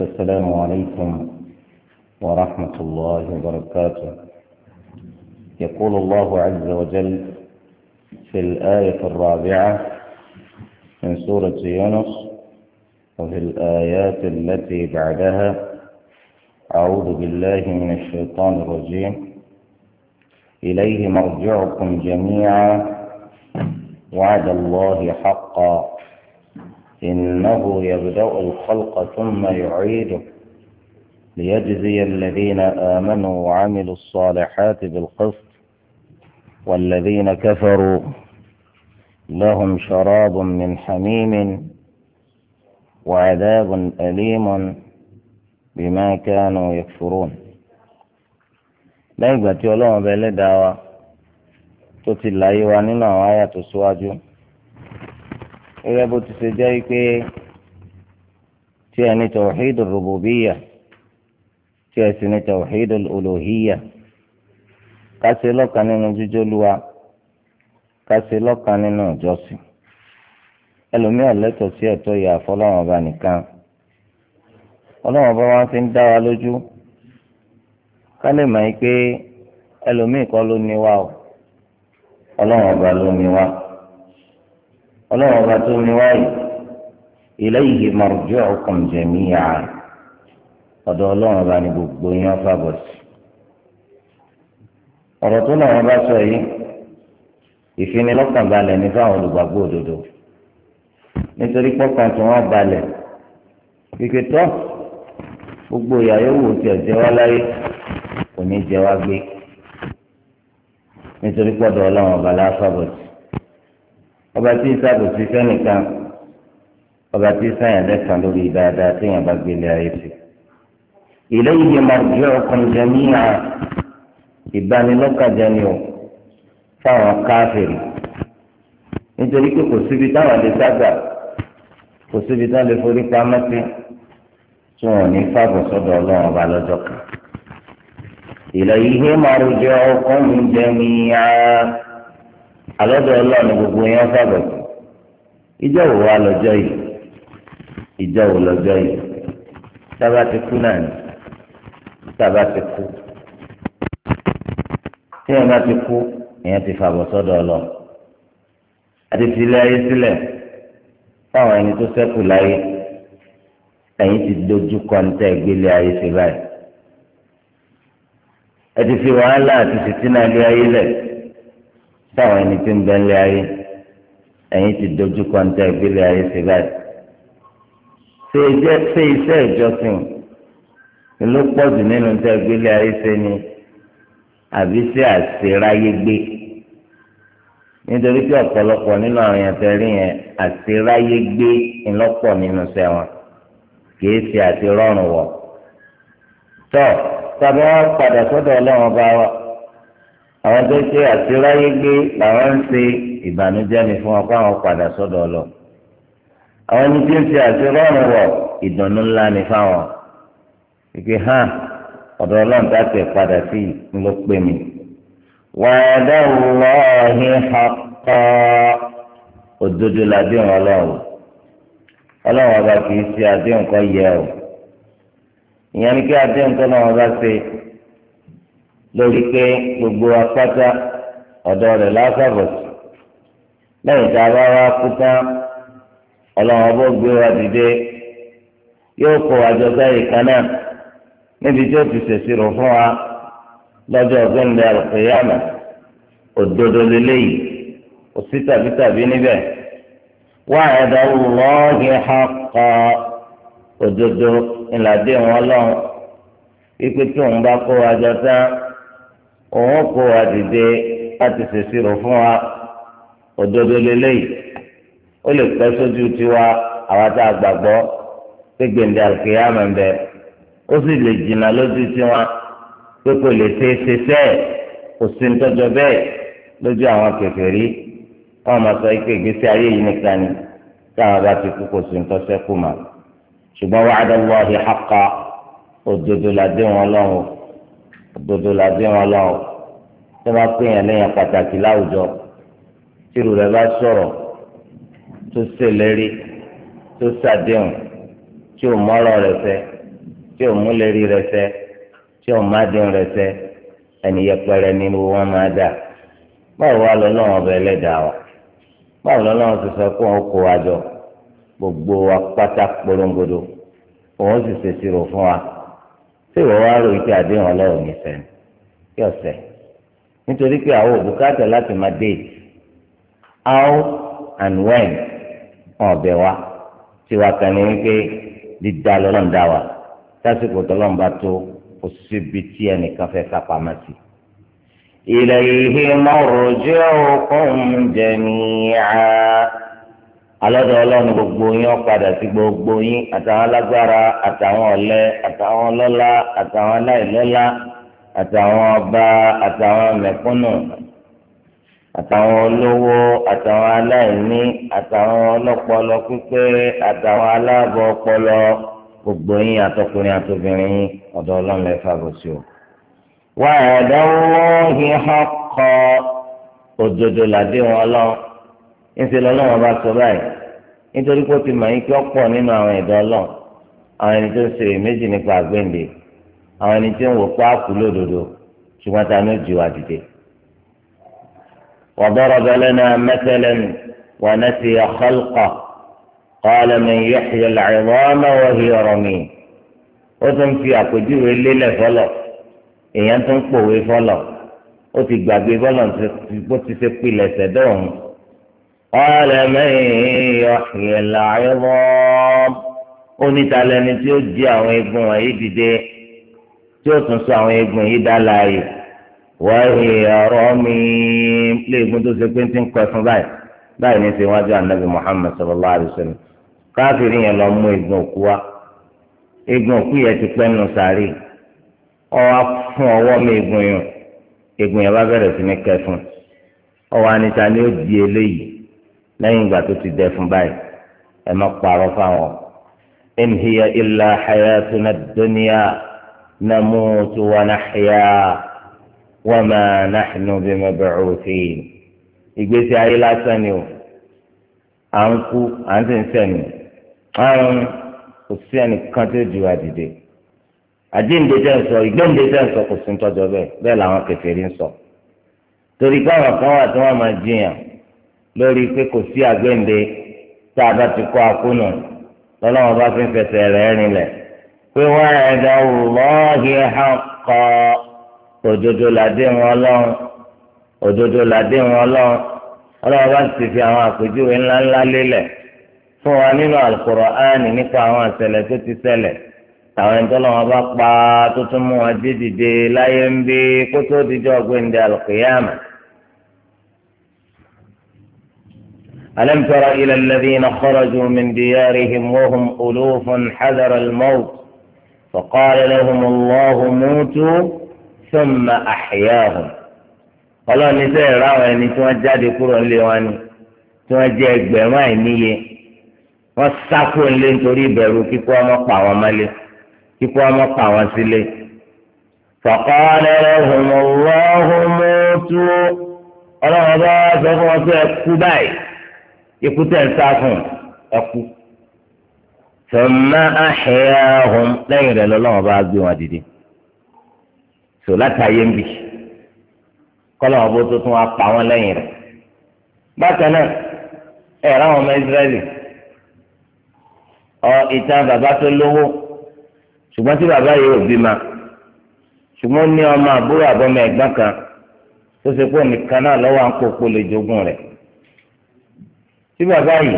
السلام عليكم ورحمة الله وبركاته يقول الله عز وجل في الآية الرابعة من سورة يونس وفي الآيات التي بعدها أعوذ بالله من الشيطان الرجيم إليه مرجعكم جميعا وعد الله حقا إنه يبدأ الخلق ثم يعيده ليجزي الذين آمنوا وعملوا الصالحات بالقسط والذين كفروا لهم شراب من حميم وعذاب أليم بما كانوا يكفرون لأيبا تيولون بلدعوة تتلعي ونما وآية سواجه gẹ́gẹ́ bó ti ṣe jẹ́ pé tí ẹ ní tawhidul rububiyyah tí ẹ sì ní tawhidul uluhiyyah ká ṣe lọ́kàn nínú jíjó luwa ká ṣe lọ́kàn nínú ìjọsìn ẹlòmíràn lẹ́tọ̀ọ́ sí ẹ̀tọ́ ìyá àfọlọ́wọn ọba nìkan ọlọ́wọ́n ọba wa fi ń dá wa lójú ká lè mọ̀ pé ẹlòmíì kọ́ ló ní wa o ọlọ́wọ́n ọba ló ní wa ọlọ́run ọba tó ní wáyé ilayhi marji'ukum jami'a ọ̀dọ̀ ọlọ́run ọba ní gbogbo yẹn fàbọ̀ sí. ọ̀rọ̀ tó náà wọn bá sọ yìí ìfinilọ́kànbalẹ̀ ní fáwọn olùgbàgbọ́ òdodo nítorí pọ́kàn tí wọ́n balẹ̀ kíkẹ́ tọ́ gbogbo ìyàwó wò tí ò jẹ́ wá láyé kò ní jẹ́ wá gbé nítorí pọ́dọ̀ ọlọ́run ọba láfàbọ̀ sí ọba tí ń sábòsí fẹ́nìkan ọba tí ń sáyà lẹ́sàn lórí dáadáa téèyàn bá gbélé ayé sí. ilayhi marji'ukum jami'a ìbanilọ́kàjẹ́ ni o fáwọn káfíìrì nítorí pé kò síbi táwọn lè sábà kò síbi táwọn lè forí pamọ́ sí tí wọn ní fàbọ̀ sọ́dọ̀ ọlọ́run ọba lọ́jọ́ kan. ilayhi marji'ukum jami'a àlọ́dọ̀ ọlọ́run gbogbo yẹn fàbọ̀ sí ìjọ wo wa lọ́jọ́ yìí ìjọ wo lọ́jọ́ yìí sábà ti kú náà ni sábà ti kú tí wọn bá ti kú ìyẹn ti fàbọ̀ sọ́dọ̀ ọlọ́ àti filẹ̀ ayé sílẹ̀ fáwọn ẹni tó ṣẹ́kù láyé ẹ̀yin ti dojú kọ́ńtà ìgbélé ayé ṣe báyìí ẹ ti fi wàhálà àti fìtínà lé ayé lẹ̀ táwọn ẹni tí ń bẹ ńlẹ̀ ayé ẹ̀yin ti dojú kọ ní tẹ́ ìgbélé ayé sí báyìí ṣé iṣẹ́ ìjọsìn ló pọ̀ jù nínú tẹ́ ìgbélé ayé ṣe ni àbí ṣé àṣeráyé gbé nítorí pé ọ̀pọ̀lọpọ̀ nínú àwọn èèyàn tẹ̀rí yẹn àṣeráyé gbé ńlọ́pọ̀ nínú sẹ́wọ̀n kìí ṣe àti rọrùn wọ̀ tọ́ tàbí wọ́n padà sọ́dọ̀ ọlọ́run bá wa. àwọn tó ṣe àtiráyé gbé làwọn ń ṣe ìbànújẹ́ ni fún ọkọ àwọn padà sọ́dọ̀ ọlọ àwọn ẹni tí ń wọ ìdùnnú ńlá ni fáwọn ìpè hàn ọ̀dọ̀ ọlọ́run tá a tẹ̀ padà sí ló pè wàdà lọ́ọ̀hí akọ́ òdodo làdéhùn ọlọ́run ọlọ́run ọba kì í ṣe àdéhùn kan yẹ o ìyẹn ni kí àdéhùn kan náà lórí pé gbogbo apáta ọ̀dọ̀ rẹ̀ lásàbọ̀sì lẹ́yìn tá a bá wá kú tán ọlọ́run ọbọ̀ gbé wa dìde yóò àjọ sáyè kan náà níbi tí ó ti fún wa lọ́jọ́ ọ̀gbẹ́ndẹ́ àlùkìyàmà òdodo lélẹ́yìí kò ha kọ́ òdodo ńlá dé wọn lọ́wọ́ tí òun bá òun kó wa dìde láti ṣèṣirò fún wa òdodo le ó lè sójú tiwa àwa tá a gbàgbọ́ pé gbèǹde àlùkìyàmù ń bẹ ó sì lè jìnnà lójú tiwa pé kò lè ṣe é ṣe kò sí ń tọ́jọ lójú àwọn kèfèrí wọn máa sọ pé ìgbésí ayé yìí nìkan ni táwọn bá ti kú kò sí ń tọ́sẹ́kù mà ṣùgbọ́n wa'adallahi haqqa òdodo òdodo la bí wọn lọ tó bá pè yàn léyàn pàtàkì láwùjọ tírù rẹ bá sọ̀rọ̀ tó ṣèlérí tó ṣàdéhùn tí ò mọ́rọ̀ rẹ̀ fẹ́ tí ò múlérí rẹ̀ fẹ́ tí ò mádéhùn rẹ̀ fẹ́ ẹni yẹpẹrẹ nínú wọn máa dà báwo wá lọ lọ́wọ́ ọbẹ̀ ẹlẹ́dàá wa báwo lọ lọ́wọ́ ti sọ pé òun wa jọ gbogbo wa pátá polongodo òun sì ṣèṣirò fún wa ṣé ìwọ wá rò wípé àdéhùn ọlọ́run ní sẹ́ni kí ọ̀sẹ̀ nítorí pé àwọn òbúkátà láti máa déètì how and when ọ̀bẹ wa tí wàá kàn ní wípé dídá lọ́lọ́run dá wa sásìkò tọ́lọ́run bá tó kò síbi tí ẹnìkan fẹ́ sápamọ́ sí. ilayhi marji'ukum jami'a alọ́dọ̀ ọlọ́run gbogbo yín ọ̀padà sí gbogbo yín àtàwọn alágbára àtàwọn ọ̀lẹ àtàwọn ọlọ́lá àtàwọn aláìlọ́lá àtàwọn ọba àtàwọn mẹ̀kúnnù àtàwọn olówó àtàwọn aláìní àtàwọn ọlọ́pọlọ pípé àtàwọn aláàbọ̀ ọpọlọ gbogbo yín àtọkùnrin àtobìnrin yín ọ̀dọ̀ ọlọ́run lẹ́fà bọ̀ sí o. wà á dáwọ́ yín hàn kọ́ òdodo làdé wọn lọ́wọ́ ńṣe lọ́lọ́wọ́ bá sọ báyìí nítorí pé ó ti mọ̀ yín kí ó pọ̀ nínú àwọn ẹ̀dọ́ ọlọ́run àwọn ẹni tó ń ṣe méjì nípa àgbéǹde àwọn ẹni tó ń wò páàkù lódodo ṣùgbọ́n ta ni ó jì wá dìde. وضرب لنا مثلا ونسي خلقه قال من يحيي العظام وهي رميم ó tún fi àpèjúwe lélẹ̀ fọlọ̀ èèyàn tún pòwe fọlọ̀ ó ti gbàgbé bọ́lọ̀ bó ti ṣe pilẹ̀ sẹ́dọ̀ ọ̀hún قال من يحيي العظام onítàlẹ́ni tí ó jí àwọn eegun wọ̀nyí dìde tí ó tún sọ àwọn eegun yìí dá láàyè wáyé ọ̀rọ̀ mi léegun tó ṣe pé ń ti ń kọ ẹ̀fún báyìí báyìí ní ṣe wájú ànábì Muhammad sallallahu alayhi wa sallam káfíìrì yẹn lọ mú eegun òkú òkú yẹn ti pẹ́ nù lẹ́yìn ìgbà tó ti dẹ fún báyìí ẹ má parọ́ fáwọn. in hiya illa hayatuna dunya namutu wa nahya wa ma nahnu bimab'uthin. ìgbésí ayé lásán ni o à ń kú à ń sì ń sẹ̀mí àrùn kò sí ẹnìkan tó ju àdìde àjíǹde tẹ̀ ń sọ ìgbẹ́ǹde tẹ̀ ń kò sí ń tọ́jọ́ bẹ́ẹ̀ bẹ́ẹ̀ làwọn kèfèrí ń sọ torí pé kan wà tí wọ́n máa jiyàn lórí pé kò sí àgbéǹde tá a bá ti kó akúnà lọ́lọ́wọ́n bá fi ń fẹsẹ̀ rẹ̀ rinlẹ̀ pé wọ́n ẹ̀dá Allahi haqqa òdodo làdé wọn lọ́rùn òdodo làdé wọn ọlọ́wọ́n bá ti fi àwọn àpèjúwe ńláńlá lélẹ̀ fún wa nínú Al-Qur'ani nípa àwọn Awọn tó ti ṣẹlẹ̀ àwọn ẹni tó lọ́wọ́ bá pa tó tún mú wọn al ألم تر إلى الذين خرجوا من ديارهم وهم ألوف حذر الموت فقال لهم الله موتوا ثم أحياهم قال النساء رأوا أني يعني توجه ذكر لواني توجه بمعنية والسكو اللي تري بروك كواما قواما لي كواما قواسي لي فقال لهم الله موتوا قال هذا سيكون سيكون ikú tẹ̀ ń sá fún ẹkú tẹ̀mẹ́ àhẹ́yà ọ̀hún lẹ́yìn rẹ̀ lọ́lọ́wọ́ bá gbé wọn dìde sọ láti ayé ń bì kọ́lọ́wọ́ bó tó tún wá pa wọn lẹ́yìn rẹ̀ bákan náà ẹ̀ ráwọn ọmọ Ísírẹ́lì ọ ìtàn bàbá tó lówó ṣùgbọ́n tí bàbá yìí ò bímọ ṣùgbọ́n ní ọmọ àbúrò àbọ̀mọ ẹ̀gbọ́n kan tó ṣe pé òun náà lọ́wọ́ à ń kó polè jogún rẹ̀ tí bàbá yìí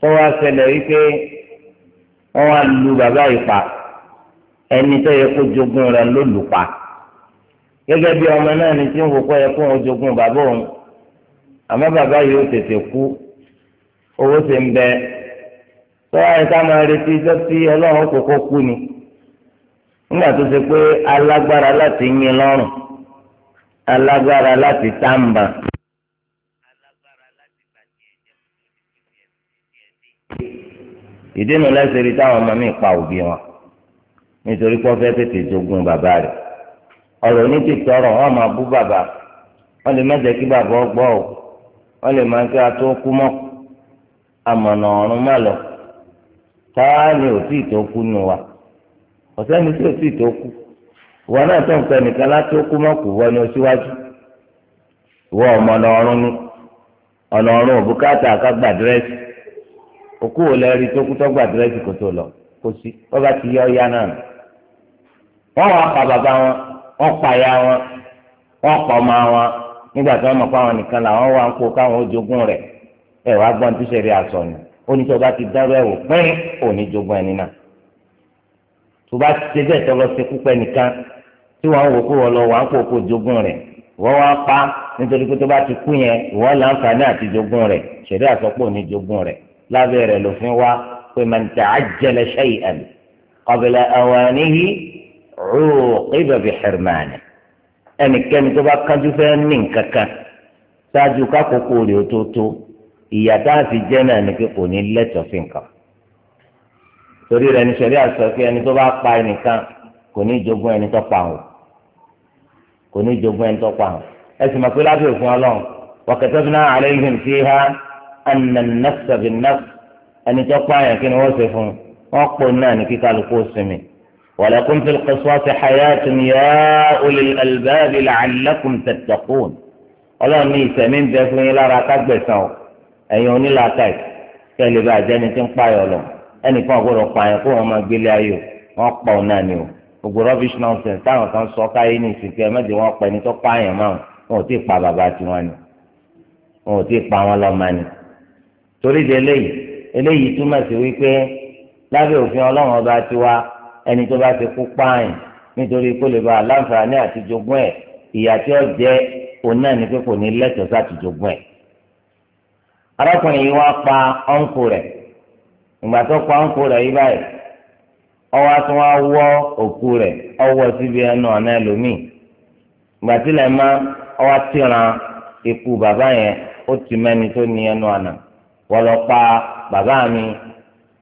tó wá ṣẹlẹ̀ wípé wọ́n wá lu bàbá yìí pa ẹni tó yẹ kó jogún rẹ̀ ló lù pa gẹ́gẹ́ bí ọmọ náà ni tí ń wò kó yẹ kó wọn jogún bàbá òun àmọ́ bàbá yìí ó tètè kú owó ṣe ń bẹ tó wáyé ká máa retí iṣẹ́ tí ọlọ́run kókó kú ni nígbà tó ṣe pé alágbára láti yín lọ́rùn alágbára láti tàǹbà ìdínú lẹ́sẹ̀ rí táwọn ọmọ mi pa òbí wọn nítorí pé wọ́n fẹ́ tètè jogún bàbá rẹ̀ ọ̀rọ̀ ní ti tọrọ wọn máa bú bàbá wọn lè má jẹ́ kí bàbá ọ gbọ́ lè máa kí a tó kú mọ́ ò tí ì tó wa ọ̀sẹ́ni tí ò tí ì náà tó ń pẹ nìkan láti ó kú mọ́ kù ni òkú ò lẹ́rí tó kú tọ́gbà dírẹ́sì kò tó lọ kó sí wọ́n bá ti yọ ọ́yá náà nù. wọ́n wá pa bàbá wọn wọ́n pa ya wọn wọ́n pa ọmọ wọn nígbà tí wọ́n mọ̀ fáwọn nìkan làwọn wà ń kó káwọn ó jogún rẹ̀ ẹ̀ wá gbọ́n tó ṣẹlẹ̀ àṣọ nù ó ní tó bá ti dárú ẹ̀wò pín òní jogún ẹni náà. tó bá ti ṣe bẹ́ẹ̀ tọ́lọ́ ṣe púpẹ́ nìkan tí wọ́n wò kó wọ́n lọ wà ń kó kó jogún rẹ̀ wọ́n wá pa nítorí pé tó bá ti kú yẹn ìwọ́n láǹfààní àti jogún rẹ̀ ṣẹlẹ̀ àṣọ òní jogún rẹ̀ lábẹ́ rẹ̀ lòfin wá pé man ta'ajjala shay'an qabla awanihi uqiba bi hirmanihi ẹnikẹ́ni tó bá kánjú fẹ́ ní nǹkan kan ṣáájú kákòókò rẹ̀ ó tó tó ìyà tá a fi jẹ́ náà ni pé kò ní lẹ́tọ̀ọ́ sí nǹkan torí rẹ̀ ní sẹ́rí àṣọ ẹni tó bá pa ẹnìkan kò ní jogún ẹni tó pa àwọn kò ní jogún ẹni tó pa àwọn ẹ sì mọ̀ pé lábẹ́ òfin ọlọ́run wa katabna alayhim fiha ananafsabinas ẹni tó pààyàn kí ni wọ́n ṣe fún un wọ́n pò náà ní kíkálukú sinmi. ولكم في القصاص حياة يا أولي الألباب لعلكم تتقون ọlọ́run ní ìsẹ̀mí ń bẹ fún yín lára kágbẹ̀sán o ẹ̀yin onílàákàyè kẹ́lẹ́ bá jẹ́ni tí ń payọ̀ lọ ẹnìkan ọ̀gbọ́dọ̀ pààyàn kó wọn máa gbélé ayò wọn pa ọ̀nà ni o gbogbo rubbish nonsense táwọn kan sọ káyé ní ìsìnkú ẹ̀mẹ́jẹ̀ wọn pa ẹni tó pààyàn máa wọn ò tí ì pa bàbá tiwọn ni wọn ò tí ì pa wọn lọ́ọ́ máa ni torí de eléyìí eléyìí túmọ̀ sí wípé lábẹ́ òfin ọlọ́run ọba tiwa ẹni tó bá ti kú páàyàn nítorí kó lè ba aláǹfààní àti jogún ẹ̀ ìyà tí ó jẹ́ òun náà ni pé kò ní lẹ́tọ̀ọ́ sáti jogún ẹ̀. arákùnrin yìí wá pa ọ̀nkù rẹ̀ ìgbà tó pa ọ̀nkù rẹ̀ yìí báyìí ọwọ́ tí wọ́n wọ́ òkú rẹ̀ ọwọ́ síbi ẹnu ọ̀nà ẹlòmíì ìgbà tí lẹ́ẹ̀ má ọwọ́ tíran ikú bàbá yẹn ó ti mẹ́ni tó ní ẹnu ọ̀nà. wọ́n lọ pa bàbá mi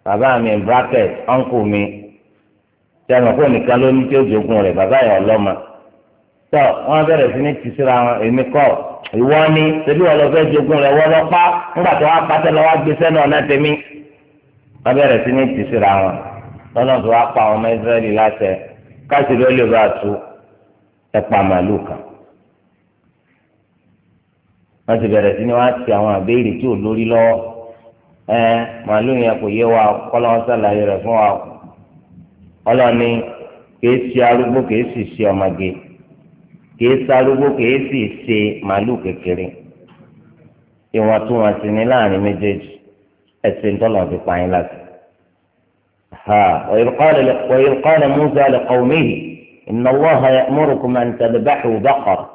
bàbá mi bracket uncle mi tẹnu kó nìkan ló ní tí ó jogún rẹ̀ bàbá yẹn ọlọ́mọ tọ wọ́n bẹ̀rẹ̀ sí ní tìsíra wọn èmi kọ́ ìwọ ni tẹbi wọ́n lọ fẹ́ jogún rẹ̀ wọ́n lọ pa ńgbà tó wá pàtẹ lọ wá gbé sẹ́nu ọ̀nà tèmi wọ́n bẹ̀rẹ̀ sí ní tìsíra wọn lọ́nà tó wá pa ọmọ Ísírẹ́lì láṣẹ káṣí ló lè bá a tu ẹ̀pà màlúù kan wọ́n ti bẹ̀rẹ̀ sí ní wọ́n ti àwọn àbẹ́rẹ́ tí ò lórí lọ́wọ́. ẹ màálù yẹn kò yé wa kọ́lọ́wọ́ sàlàyé rẹ̀ fún wa ọlọ́ni kìí ṣe arúgbó kìí sì ṣe ọmọge kìí ṣe arúgbó kìí sì ṣe màálù kékeré ni láàrin méjèèjì ẹ̀sìn tọ́lọ̀ fi pa yín láti. وإذ قال موسى لقومه إن الله يأمركم أن تذبحوا بقرة.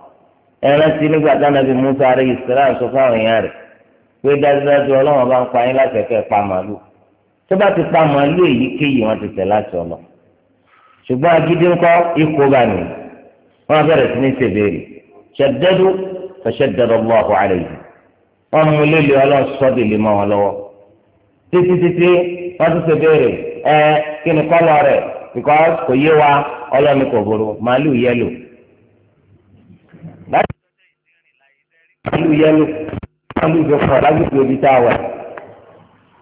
أنا سيدي بعد النبي موسى عليه السلام سبحانه يعرف pé dájúdájú ọlọ́run bá ń pa yín láti ẹ̀kẹ́ pa màálù tó bá ti pa màálù èyíkéyìí wọn ti tẹ̀ láti ọlọ ṣùgbọ́n agídí ńkọ́ ikú bá nì wọ́n bẹ̀rẹ̀ sí ní ṣèbéèrè ṣẹ̀dẹ́dú ṣẹ̀dẹ́dú Allahu alayhi wọ́n mú lílé ọlọ́run sọ́dì lé mọ́ wọn lọ́wọ́ títí títí wọ́n tún ṣèbéèrè ẹ kí ni kọ́lọ̀ rẹ̀ because kò yé wa ọlọ́run kò burú màálù yẹ́lò màálù yẹ́lò kan ló jọ pọ̀ lágbègbè ibi tá a wà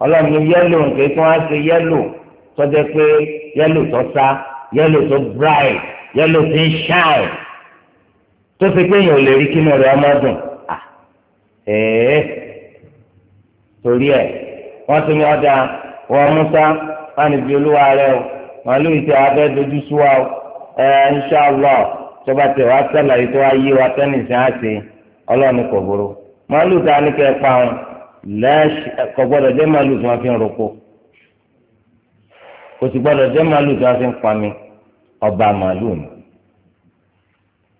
ọlọ́run ní yẹ́lò nǹkan tí wọ́n á ṣe yẹ́lò tó jẹ́ pé yẹ́lò tó sá yẹ́lò tó bright yẹ́lò tó ń shine tó fi pé èèyàn ò lè rí kí inú rẹ̀ ọmọ dùn ẹ̀ẹ́ torí ẹ̀ wọ́n tún ní ọ̀dà wọn Musa wọn ni bí olúwa rẹ o màálù ìtẹ̀ abẹ́ dojú sú wa o ẹ̀ ń ṣá tó bá tẹ̀ wá sẹ́lẹ̀ yìí tó wá yí wa tẹ́nìsì á ṣe ọlọ́run kò burú màálù tá a ní kẹ́ ẹ pa wọn lẹ́ẹ̀ṣì kò gbọ́dọ̀ jẹ́ màálù tí wọ́n fi ń roko kò sì gbọ́dọ̀ jẹ́ màálù tí wọ́n fi ń pa mi ọba màálù ni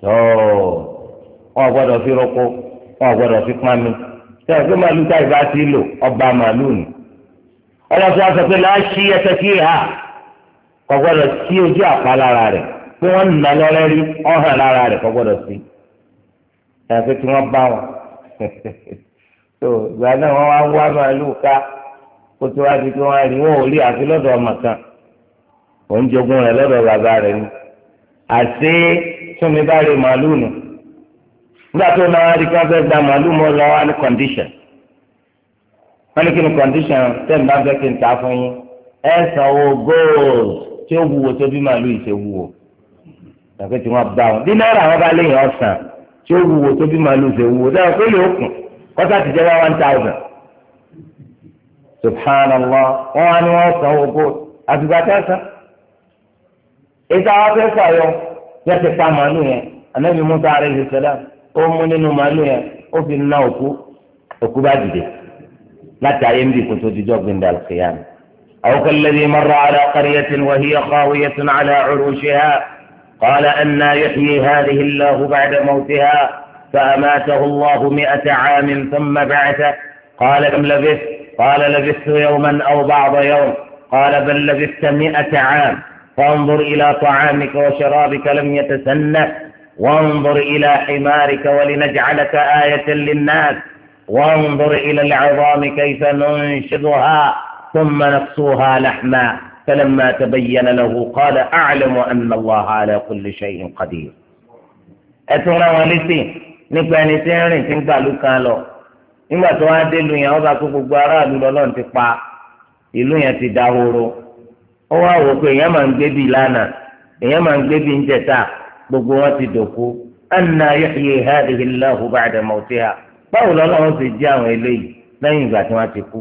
tó wọn gbọ́dọ̀ fi roko wọn gbọ́dọ̀ fi pa mi tẹ ẹ pé màálù tá ìbá ti lò ọba màálù ni ọlọ́sọ sọ pé láṣí ẹsẹ̀ kí ha kò gbọ́dọ̀ sí ojú àpá rẹ̀ pé wọ́n nà lọ́rẹ́ ọ̀hàn lára rẹ̀ kò gbọ́dọ̀ sí ẹ tó ìgbà náà wọ́n wá wá màálùú ká kó tó wá di pé wọ́n á rí wọn ò rí àfi lọ́dọ̀ ọmọ kan òun jogún rẹ̀ lọ́dọ̀ bàbá rẹ̀ ni àti túnmí bá rí màálùú nù nígbà tó náà wá di pé wọ́n fẹ́ gba màálùú mọ́ lọ wá ní kọ̀ǹdíṣàn wọ́n ní kí ni kọ̀ǹdíṣàn tẹ́ǹ bá fẹ́ kí n ta fún yín ẹ̀ sanwó gold tí ó wúwo tó bí màálùú yìí ṣe wúwo tàbí tí wọ́n bá wọn bí náírà wọn bá léyìn ọ̀sán tí ó wúwo tó bí màálù ṣe wúwo dáa pé lè okùn kọ́tà ti jẹ́ one thousand subhanallah wọn wá ní wọn san owó àtìgbà tẹ́sán ìta wọn fẹ́ fàyọ yẹ ti pa màálù yẹn anabi musa alayhi salam ó mú nínú màálù yẹn ó fi ná òkú òkú bá dìde láti ayé ń bí dídọ́ gbẹ̀ndà al-qiyam. أو كالذي مر على قرية وهي خاوية على عروشها قال أنا يحيي هذه الله بعد موتها فأماته الله مئة عام ثم بعثه قال كم لبثت قال لبثت يوما أو بعض يوم قال بل لبثت مئة عام فانظر إلى طعامك وشرابك لم يتسنه وانظر إلى حمارك ولنجعلك آية للناس وانظر إلى العظام كيف ننشدها ثم نقصوها لحما فلما تبين له قال أعلم أن الله على كل شيء قدير أتونا والسي nípa ẹni tí ń rìn tí ń gbà lù kan lọ nígbà tó wá dé ìlú yẹn wọn bá kó gbogbo aráàlú lọ́lọ́run ti pa ìlú yẹn ti dahoro ó wá wò pé èèyàn máa ń gbé bíi lánàá èèyàn máa ń gbé bíi njẹta gbogbo wọn ti dòkú anna yuhyi hadhihi Allahu ba'da mawtiha báwo lọ́lọ́run ti jí àwọn eléyìí lẹ́yìn ìgbà tí wọ́n ti kú.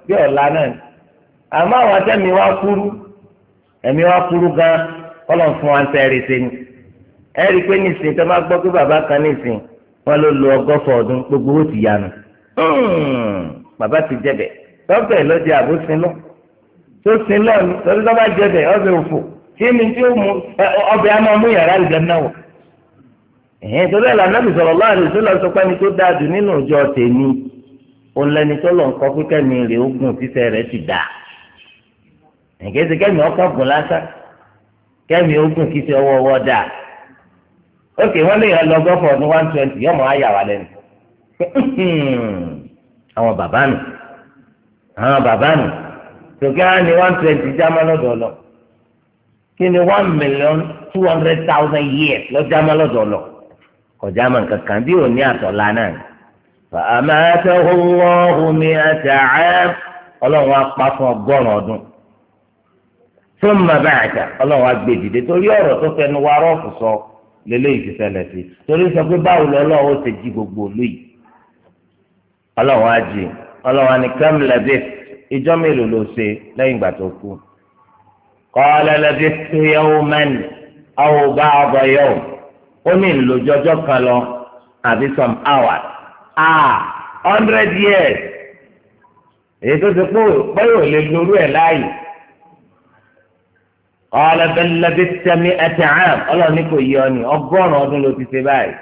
sí ọ̀la náà ni àmọ́ àwọn atẹ́mi wá kúrú ẹ̀mí wá kúrú gan ọlọ́run fún wa ń ni pé gbọ́ pé bàbá kan nísìnyí wọn ló lo ọgọ́fọ̀ ọdún gbogbo ó ti hmm, bàbá ti jẹ̀bẹ̀ tọ́pẹ̀ ló di àbó sinlọ tó sinlọ ni torí tó bá ọbẹ̀ òfò kí ni tí ó ọbẹ̀ mú yàrá náà wọ̀ ẹ̀hìn lànà bìsọ̀rọ̀ tó ó lẹ́ni tó lọ nǹkan pé kẹ́mi rè ó gùn fífẹ́ rẹ̀ ti dà ẹ̀kẹ́sì kẹ́mi ọkọ̀ gùn lásán kẹ́mi ó gùn fífẹ́ ọwọ́ ọwọ́ dà ókè wọ́n lè yàn lọ ọdún one twenty yọmọ ayà wà lẹ́nu àwọn bàbá nù àwọn bàbá nù tòkè á ní one twenty jámọ́ lọ́dọ̀ lọ kí ni one million two hundred thousand years lọ́jàmọ́ lọ́dọ̀ lọ kọjá mọ́ nǹkan kan bí òní àtọ̀lá náà fàmàtàhù lọ́hùn mi àtàcẹ́ ọlọ́run apá fún ọgọ́rùn-ún ọdún fún màbáàkà ọlọ́run agbè dìde torí ọ̀rọ̀ tó fẹnu wa rọ́ọ̀fù sọ lélẹ́yìí ti ṣẹlẹ̀ sí torí sọ pé báwo lọ́lọ́run ó ti jí gbogbo òlú yìí ọlọ́run á jí ọlọ́run ni kam labith ìjọ mélòó ló ṣe lẹ́yìn ìgbà tó kú qala labithtu yawman aw ba'da yawm ó ní ìlòjọjọ́ kan lọ àbí some hours. hundred years èyí tó ti kó báyìí ò lè lorú ẹ̀ láàyè ọlọ́bẹ̀lẹ́bí tẹ̀mí ẹ̀tẹ̀ àm ọlọ́ọ̀ni kò yí ọ ní ọgọ́rùn-ún ọdún ló ti ṣe báyìí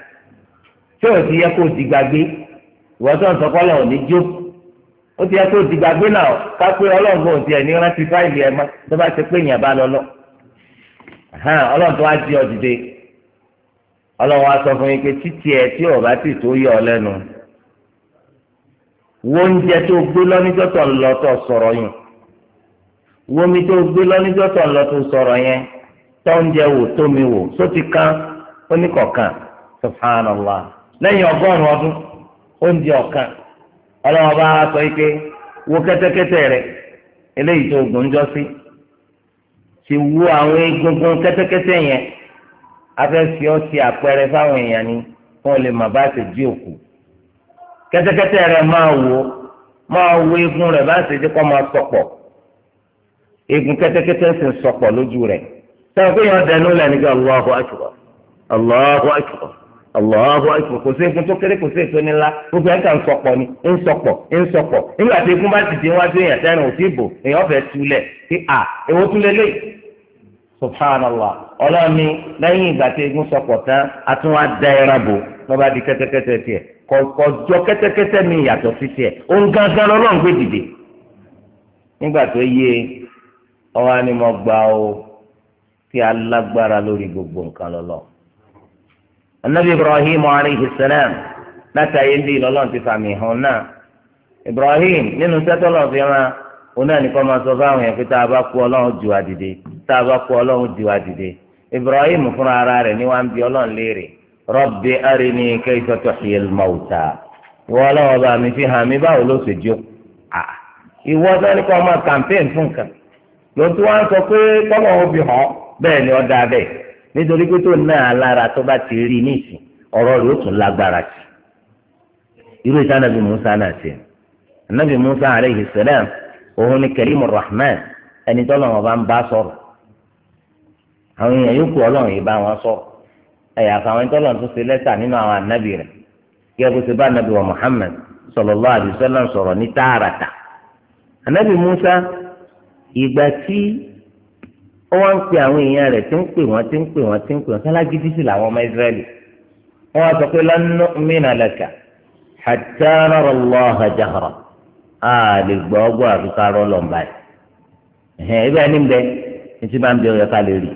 tí ò ti yẹ kó o ti gbàgbé ìwọ́sọ̀ ní jó ti yẹ kó o ti gbàgbé náà kápé ọlọ́ọ̀gbọ́n ò ní rántí fáìlì ẹ̀ tó bá ti bá lọ lọ sọ fún wo oúnjẹ tó gbé lọ́níjọ́ tó ń lọ tó sọ̀rọ̀ yẹn wo omi tó gbé lọ́níjọ́ tó sọ̀rọ̀ yẹn wò tómi wò sóti kan oníkọ̀ọ̀kan subhanallah lẹ́yìn ọgọ́rùn ọdún oúnjẹ ọ̀kan ọlọ́wọ́ bá sọ pé wo kẹ́tẹ́kẹ́tẹ́ rẹ eléyìí tó gùn ti àwọn egungun kẹ́tẹ́kẹ́tẹ́ ni wọ́n lè kẹ́tẹ́kẹ́tẹ́ rẹ̀ máa wò máa wo eegun rẹ̀ bá ṣe jẹ́ kó máa sọ̀pọ̀ eegun kẹ́tẹ́kẹ́tẹ́ sì ń sọ̀pọ̀ lójú rẹ̀ sọ̀rọ̀ pé yọ̀ọ́ dẹnu lẹ́nu jẹ́ Allahu akbar Allahu akbar Allahu akbar kò sí eegun tó kéré kò sí èso nílá gbogbo ẹ̀ka ń sọ̀pọ̀ ni ń sọ̀pọ̀ ń sọ̀pọ̀ nígbà tí eegun bá ti dé wájú èèyàn tẹ́rìn òtí ìbò èèyàn fẹ́ túlẹ̀ kí à èwo túlẹ̀ léyìí subhanallah ọlọ́ọ̀ni lẹ́yìn ìgbà tí egun sọpọ̀ tán a tún wá da ẹran bò lọ́ba di mi yàtọ̀ sí tiẹ̀ òun gangan lọ́lọ́run gbé dìde nígbà tó yé e, ọwọ́ ni mo gba o tí lórí gbogbo nǹkan lọ́lọ́ anabi ibrahim alayhi salam látàyé ndí lọ́lọ́run ti ibrahim nínú òun náà nìkan máa sọ fáwọn pé tá a bá tá a bá kú ọlọ́run diwa dìde ibrahim fúnra ara rẹ̀ ni wọ́n bi ọlọ́run léèrè rabbi arini kayfa tuhyil mawta ìwọ ọlọ́run ọba mi fi hàn mí báwo ló ṣe jó à ìwọ sani kọ́ ọmọ campaign fún kan lótú wọn sọ pé kọ́mọ obì hàn bẹ́ẹ̀ ni ọ̀dà bẹ́ẹ̀ nítorí pé tó náà lára tó bá ti rí nísìn ọ̀rọ̀ rẹ̀ ó tún lágbára sí irú ìta musa náà sí nàbì musa aleyhi salam òun ni karim rahman ẹni tọ́lọ́ ń bá sọ̀rọ̀ àwọn èèyàn yòókù ọlọ́run yìí bá wọn sọ ẹ̀yà àfàwọn tọ́lọ̀ tó ṣe lẹ́tà nínú àwọn ànábì rẹ̀ kí ẹ bó ṣe bá ànábì wa Muhammad sallallahu alaihi wasallam sọ̀rọ̀ ní tààràtà ànábì Musa ìgbà tí ó wá ń pe àwọn èèyàn rẹ̀ tí ń pè wọ́n tí ń pè wọ́n tí ń pè wọ́n sálágí dísì làwọn ọmọ Israẹli wọ́n wá sọ pé lan nu'mina laka hatta nara Allaha a lè gbọ́ ọgbọ́ àfikà rọ́ọ̀lọ́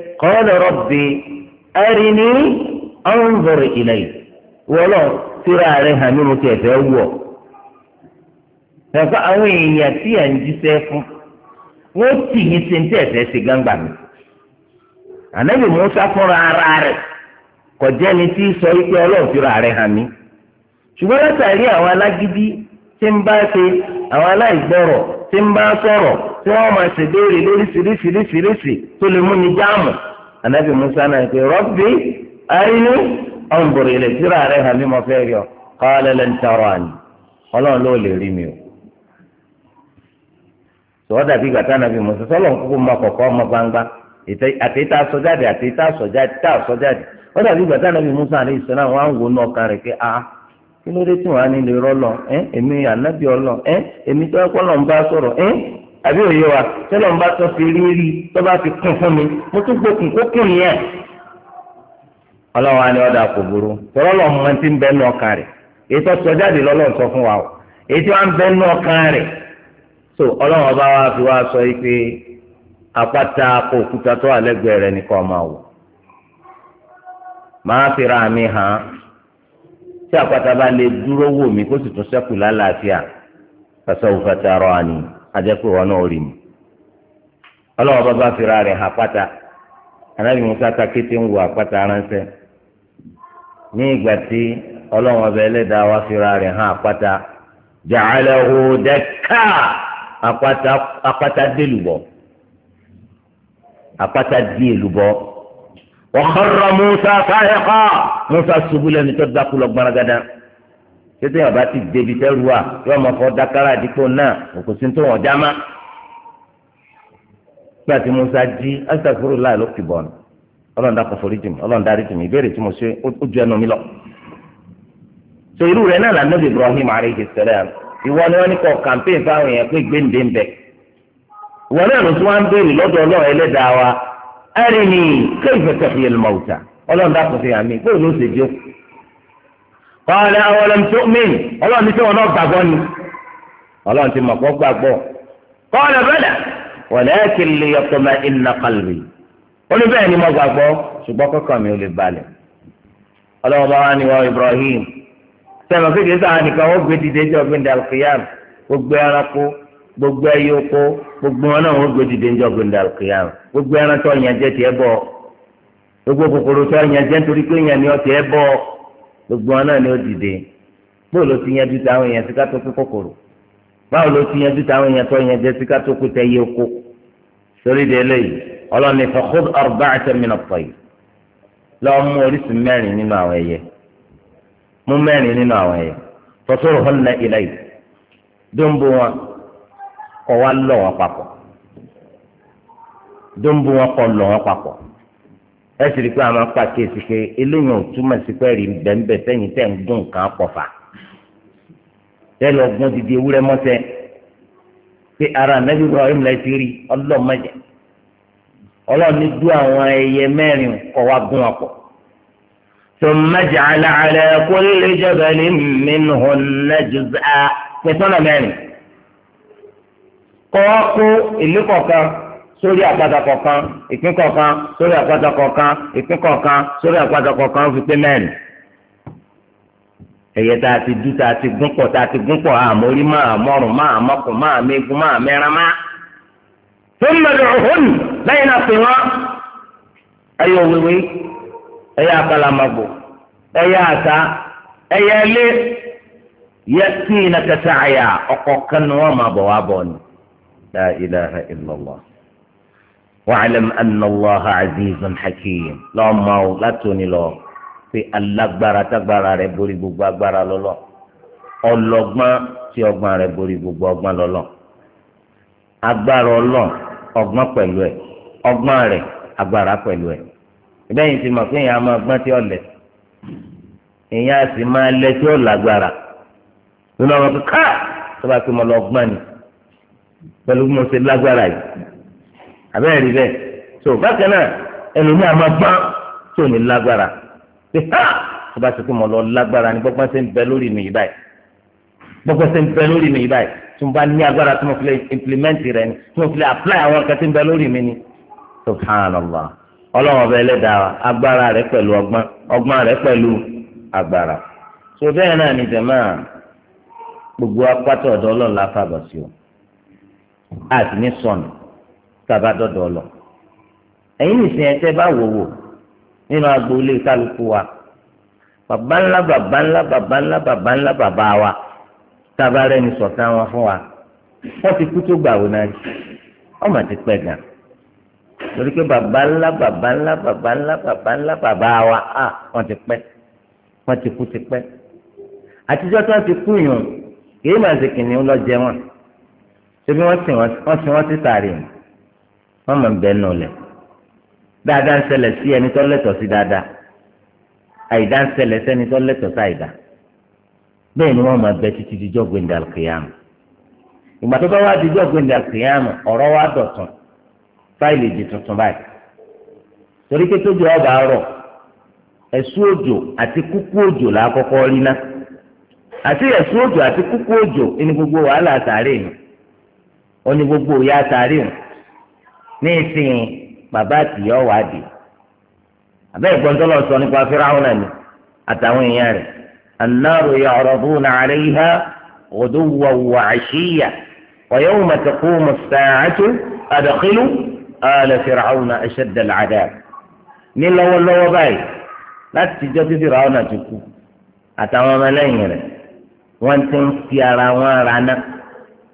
qala rabbi arini anzur ilayk wọ́lọ́ síra rẹ̀ hàn mí mo ti ẹ̀fẹ́ wù ọ́. Ẹ̀fọ́ tí à ń jíṣẹ́ fún wọ́n tì Musa ara tí sọ wípé ọlọ́run síra rẹ̀ hàn mí. Ṣùgbọ́n látàrí àwọn alágídí tí ń bá ṣe àwọn tí anabi musa náà pé rọ́bì arini ọ̀nbùrì lè tíra rẹ̀ hàn mí mo fẹ́ rí ọ kọ́lẹ̀ lẹ́nu tọrọ àná ọlọ́run ló lè rí mi o. sọ̀rọ̀ dàbí gàtá anabi musa sọ́lọ̀ ń kúkú ma kọ̀kọ́ ọmọ gbangba àti tá a sọ jáde àti tá a sọ jáde tá a sọ jáde wọ́n dàbí gàtá anabi musa àti ìsọ̀nà wọn àwọn òun ọkàn pé a ah, kí ló dé tí wọn á nílé rọ́lọ́ ẹ́ èmi ẹ́ èmi àbí òye wa tẹ́lẹ̀ ń bá tọ́ fi rí rí tó bá fi kún fún mi mo tún yẹn. á ní ọ̀dà kò burú tọ́lọ́ lọ́mọ máa ti ń bẹ́ nù ọkàn rẹ̀ èyí tó sọ jáde lọ́lọ́run sọ fún wa o èyí tó wá ń bẹ́ nù ọkàn rẹ̀ so ọlọ́run ọba wa fi wá sọ yìí pé àpáta kò òkúta tó wà lẹ́gbẹ̀ẹ́ rẹ̀ máa wò máa fi ra hàn tí bá lè dúró wò mí kó sì tún sẹ́kù lálàáfíà àjẹpẹ́ wọn náà rí mi ọlọ́wọ́ bá bá fira rẹ̀ hàn pátá anábì musa takété ń wo àpáta ránṣẹ́ ní ìgbà tí ọlọ́wọ́ bẹ ẹlẹ́dàá wá fira rẹ̀ hàn àpáta ja'alahu dakka àpáta àpáta délùbọ̀ àpáta di èlùbọ̀ wa kharra musa sa'iqa musa ṣubú lẹ́nu tó dákú lọ gbọ́nragádá tètè yàn bá ti débi tẹ́lu wa yọ ọmọ fọ dakara àdìpọ̀ náà òkú sí tó wọn já má. nígbà tí musa jí asàkúrò láì ló kì bọ́ọ̀nù ọlọ́ọ̀dà kò forí jùmọ̀ ọlọ́ọ̀dà rí jùmọ̀ ìbéèrè tí mo ṣe ó ju ẹnu mi lọ. sọ irú rẹ náà lànà Ibrahim alayhi salam ìwọ ni wọn ní kọ campaign fáwọn èèyàn pé gbéǹde ń bẹ ìwọ náà ló tún wá ń béèrè lọ́dọ̀ Ọlọ́run Ẹlẹ́dàá wa arini kayfa tuhyil mawta Ọlọ́run dákun fi hàn mí bóyá ló ṣe jókòó قال أولم تؤمن ọlọ́run ní sẹ́wọ̀n náà gbàgbọ́ ni ọlọ́run ti mọ̀ kọ́ gbàgbọ́ قال بلى ولكن ni mo gbàgbọ́ ṣùgbọ́n mi ò lè balẹ̀ ọlọ́run bá wà ní Ibrahim sẹ́wọ̀n kéde sáà nìkan ó gbé dìde jọ gbé dàlùkìyàm gbogbo ẹranko gbogbo oko gbogbo wọn náà ó gbé dìde jọ gbé dàlùkìyàm gbogbo gbogbo kòkòrò tó nítorí pé ni gbogbo wọn náà ni ó dìde bóò ló ti yanjú táwọn èèyàn sí ká tó kú kòkòrò báwo ló ti yanjú táwọn èèyàn tó yẹn jẹ sí ká tó kú tẹ yé oko sórí de eléyìí ọlọ́ni fakhud arba'atan min at-tayr lọ́ọ́ mú orísun mẹ́rin nínú àwọn ẹyẹ mú mẹ́rin nínú àwọn ẹyẹ fasurhunna ilayk dóńbó wọn kọ́ wa lọ́ papọ̀ dóńbó wọn kọ́ lọ́ papọ̀ ẹ sì rí i pé àwọn apàkíyèsí pé eléyìí ò túmọ̀ sí pé rí bẹ́ńbẹ́ sẹ́yìn tẹ̀ ń gún nǹkan pọ̀fà tẹ́ lọ gún didi ewúrẹ́ mọ́sẹ́ pé ara nẹ́bí Ibrahim lẹ́ ti rí ọlọ́mọdé ọlọ́ọ̀ni dú àwọn ẹyẹ mẹ́rin kọ́ wa gún ọ̀pọ̀. ثم اجعل على كل جبل منهن جزءا pẹ̀sọ́nà mẹ́rin kọ́ kó ìlú kọ̀ọ̀kan sórí àpáta kọ̀ọ̀kan ìpín kọ̀ọ̀kan sórí àpáta kọ̀ọ̀kan ìpín kọ̀ọ̀kan sórí àpáta kọ̀ọ̀kan fi pé mẹ́rin tá a ti dú tá a ti gún pọ̀ tá a ti gún pọ̀ àmórí ma. àmọ́rùn má àmọ́kùn má àmẹ́gun má àmẹ́ran má. tó ń mẹ́rin òhún lẹ́yìn náà pè wọ́n. ẹyẹ òwìwí ẹyẹ abalamagbò ẹyẹ àṣà ẹyẹ ilé yẹ kí iná kẹta àyà ọkọ̀ kan ni wa'lam anna Allaha azizun hakim lọ́mọ o láti òní lọ pé alágbára tágbára rẹ̀ borí gbogbo agbára lọ́lọ́ ọlọ́gbọ́n tí ọgbọ́n rẹ̀ borí gbogbo ọgbọ́n lọ́lọ́ agbára ọlọ́ ọgbọ́n pẹ̀lú ẹ̀ ọgbọ́n rẹ̀ agbára pẹ̀lú ẹ̀ ìbẹ́yìn ti mọ̀ pé èèyàn á máa gbọ́n tí ó lẹ̀ èèyàn á sì máa lẹ̀ tí ó lágbára lónà ọ̀rọ̀ kíkà tó bá pé mo lọ gbọ́n ni pẹ̀lú bí mo ṣe lágbára yìí abẹ́rẹ́ rí bẹ́ẹ̀ tó bákan náà ẹlòmíì àmọ́ gbọ́n tó ní lágbára ṣe há tó bá ṣe pé mo lọ lágbára ní gbọ́gbọ́n ṣe ń bẹ lórí mi yìí báyìí gbọ́gbọ́n ṣe ń bẹ lórí mi yìí báyìí tó bá ní agbára tó mo fi lè implement rẹ ni tó mo fi lè apply àwọn nǹkan tó ń bẹ lórí mi ni subhanallah ọlọ́wọ́n ọba ẹlẹ́dàá agbára rẹ pẹ̀lú ọgbọ́n ọgbọ́n pẹ̀lú agbára tó bẹ́ẹ̀ náà ni jẹ̀mọ́ gbogbo apátọ̀ ọ̀dọ́ ọlọ́run tàbá dọ̀dọ̀ lọ ẹ̀yin nìsín ẹ̀tẹ́ bá wò wò nínú agboolé kálukú wa bàbá ńlá bàbá ńlá bàbá ńlá bàbá ńlá bàbá wa tàbá rẹ̀ ní sọ̀tàn wọn fún wa wọ́n ti kú tó gbà wò náà ọmọ ti pẹ́ gan torí pé bàbá ńlá bàbá ńlá bàbá ńlá bàbá ńlá bàbá wa à wọ́n ti pẹ́ wọ́n ti kú ti pẹ́ àtijọ́ tí ti kú yùn kì í màá ṣe kìnìún lọ jẹ wọn ṣé bí wọ́n sìn wọ́n sí wọ́n sí tààrí yìí wọ́n mọ̀ bẹ́ẹ̀ nù lẹ̀ dáadáa ń ṣẹlẹ̀ sí ẹni tó lẹ́tọ̀ọ́ sí dáadáa àìdá ń ṣẹlẹ̀ sẹ́ni tó lẹ́tọ̀ọ́ sí àìdá bẹ́ẹ̀ ni wọ́n mọ̀ bẹ́ẹ̀ títí dijọ́ gbẹ̀ndà kìyàmù ìgbà tó bá wá dijọ́ gbẹ̀ndà kìyàmù ọ̀rọ̀ wa dọ̀tun fáìlì di tuntun báyìí torí pé tóbi ọba rọ̀ ẹ̀sùn òjò àti kúkú òjò là á kọ́kọ́ rí ná àti ẹ̀sùn òjò àti kúkú òjò ní gbogbo wàhálà àtàrí yìí gbogbo òyà àtàrí yìí ní ìsìn bàbá àtìyá ọ̀wádìí àbẹ́ ìgbọ́ntọ́lọ̀ sọ nípa fíráhùn náà ni àtàwọn èèyàn rẹ̀ annáru ya'raduna 'alayha ghuduwwan wa 'ashiyyan wa yawma taqumu as-sa'atu adkhilu ala fir'auna ashadda al-'adhab ní lọ́wọ́lọ́wọ́ báyìí láti jọ́ títí fíráhùn náà ti kú àtàwọn ọmọlẹ́yìn rẹ̀ wọ́n ti ń fi ara wọn ra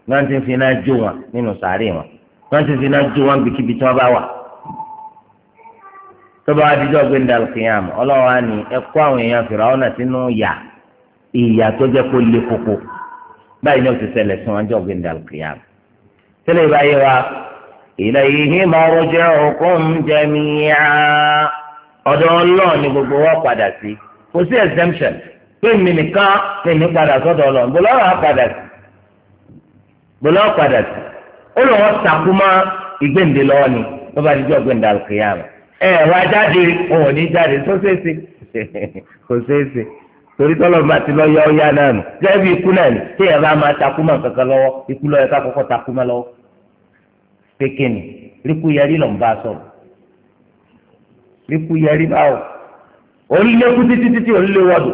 wọ́n ti ń fi náà jó wọn nínú sàárè wọn. wọ́n ti fi náà jó wọn bìkíbi tí wọ́n bá wà tọ́ba adijọ́ gbẹ̀ndà kìyàm ọlọ́wọ́ á ní ẹ̀kọ́ àwọn èèyàn fìrà ọ́nà sínú yà ìyà tó jẹ́ kó lé koko báyìí ní òtún ṣẹlẹ̀ sí wọn jọ gbẹ̀ndà kìyàm tẹ́lẹ̀ ìbáyé wa ilayhi marji'ukum jami'a ya. ọlọ́ọ̀ ni gbogbo wọn padà sí kò sí exemption pé mi nìkan ní ní padà sọ́dọ̀ ọlọ́ọ̀ bọ́lá ó lọ wọn sàkó mọ ìgbéǹde ni ló bá dijọ́ gbéǹda àlùkìyàmù ẹ wá jáde òun ò ní jáde tó ṣeéṣe kò ṣeéṣe torí tọ́lọ̀ bá ti lọ yọ ọ́ yá náà nù gẹ́gẹ́ ikú náà ni tí ẹ bá máa takú mọ́ kankan lọ́wọ́ ikú lọ́yẹ ká kọ́kọ́ takú mọ́ lọ́wọ́ pékinì ríkú yẹrí lọ́n bá sọ̀rọ̀ ríkú yẹrí báwò onílékú títí títí oníléwọ́dù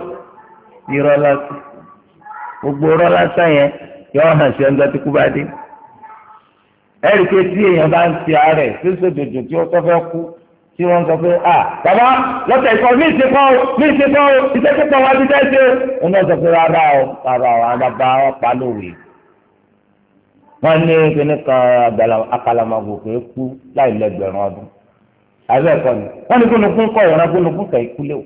irọ́ gbogbo irọ́ lásán yọ ẹ̀rí pé tí èèyàn bá ń ti àárẹ̀ tí ó sòjòjò tí ó tọ́ fẹ́ kú tí wọ́n sọ pé à bàbá lọ́tẹ̀ ìkọ́ mí ìṣe kọ́ o mí ìṣe kọ́ o iṣẹ́ tó kọ́ wa ti tẹ́ ṣe o. ó náà sọ pé rárá o rárá o àwọn bàbá wọn pa lóore. wọ́n ní kíní kan àkàlàmọ̀gbò pé kú láì lẹ́gbẹ̀rún ọdún. àbẹ́ ẹ̀kọ́ ni wọ́n ní kúnnù fún kọ́ ìran kúnnù fún kẹ́ ikú léwu.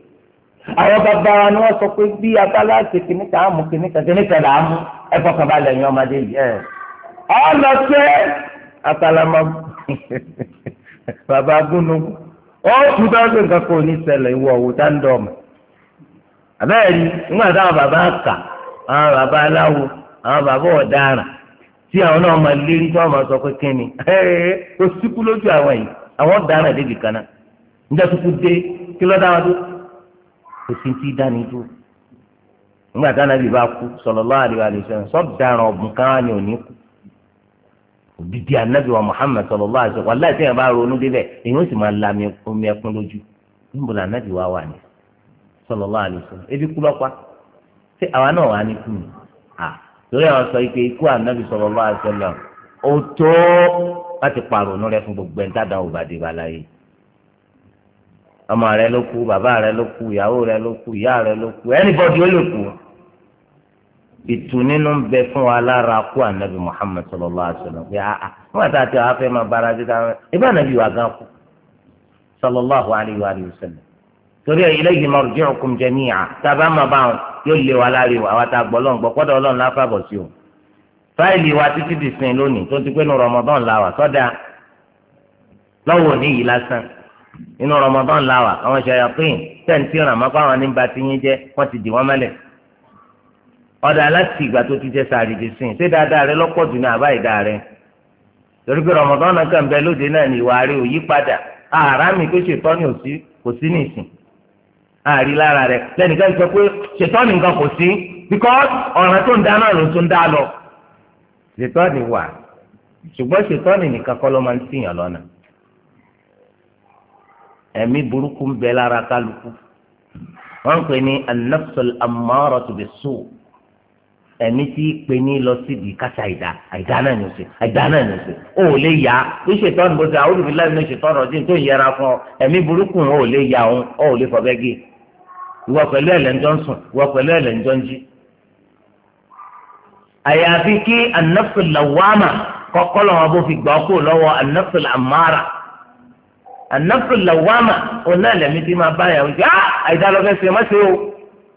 àwọn bàbá wa ni wọ́n sọ pé bí abala ṣe kíní kan á mú kíní kan kíní kan là á mú ẹ̀fọ́ kan bá lẹ̀ akalama baba gúnnú ó kú dáńtò nǹkan kò ní ṣẹlẹ̀ ìwọ òwò dáńdọ̀ ọ̀mà àbẹ́ẹ̀ni nígbà táwọn baba kà àwọn baba aláwo àwọn baba ọ̀daràn tí àwọn náà máa lé ní tí wọ́n máa sọ pé kíni ẹ̀ẹ́ kò síkú lójú àwọn yìí àwọn ọ̀daràn débi kan náà níjà tó kú dé kí ló dáwọn tó kò sí ti dání tó nígbà táwọn àbí bá kú sallallahu alaihi wasallam sọ́ọ̀daràn ọ̀bùn kan á ní kú òdìdí anabi wa muhammed sallallahu alaihi wasallam wàláì sẹ́yìn bá ronú débẹ̀ èyí ó sì máa la omi ẹkún lójú níbo la anabi wa wà ní sallallahu alaihi wasallam ebi kú lọ́pàá ṣé àwa náà wà ní kú ni à lórí àwọn sọ ike ikú anabi sallallahu alaihi wasallam ó tó láti pàrònú rẹ fún gbogbo ẹni tádà ò bá dé bá ọmọ rẹ ló kú bàbá rẹ ló kú ìyàwó rẹ ló kú ìyá rẹ ló kú ẹnìbọdì ó lè kú ìtùnínú ń bẹ fún wa lára kú ànábì muhammed sallallahu alaihi wa sallam pé àà wọn àti àti àwọn afẹ́ máa bára dídá wọn ibà ànábì wà gan kú sallallahu alaihi wa sallam torí ẹ ilayhi marji'ukum jami'a tàbá máa bá wọn yóò lé wa láre wa àwọn àgbọ̀ lọ́n gbọ́ kọ́dọ̀ ọlọ́run láfàbọ̀ sí o fáìlì wa títí di sin lónìí tó ti pé nu rọmọdán la wà lọ́wọ́ níyì lásán inú rọmọdán la wà àwọn ṣayàpín tẹ̀ ń tí ràn mọ́ ọ̀dà láti ìgbà tó ti jẹ́ sàárì dé sìn ṣé dáadáa rẹ lọ́pọ̀ jù ní àbá ìdá rẹ torí pé Ramadan náà kàn bẹ lóde náà ní ìwà rẹ ò yí padà ààrá mi pé ṣètọ́ni kò sí nìsín ààrí lára rẹ lẹ́nìkan sọ pé ṣètọ́ni nǹkan kò sí because ọ̀ràn tó ń dá náà ló tún dá lọ ṣètọ́ni wà ṣùgbọ́n ṣètọ́ni nìkan kọ́ ló máa ń tìyàn lọ́nà ẹ̀mí burúkú ń bẹ lára kálukú wọ́n ń pè ní an-nafsul ammaratu ẹ̀mí tí pe ní lọ síbi kásá ìdá àìdá náà ni ó ṣe àìdá náà ni ó ṣe ó ò lè yá bí ṣètọ́nù bó ṣe àwọn olùfilẹ́ ní ṣètọ́nù ọdún tó ń yẹra fún ọ ẹ̀mí burúkú ó ò lè yá òun ó ò lè fọbẹ́ gé ìwọ pẹ̀lú ẹ̀lẹ́njọ́ ń sùn ìwọ pẹ̀lú ẹ̀lẹ́njọ́ ń jí. àyàfi kí an-nafsul kọ́kọ́ lọ́wọ́ bó fi gbà kó lọ́wọ́ an-nafsul ammara an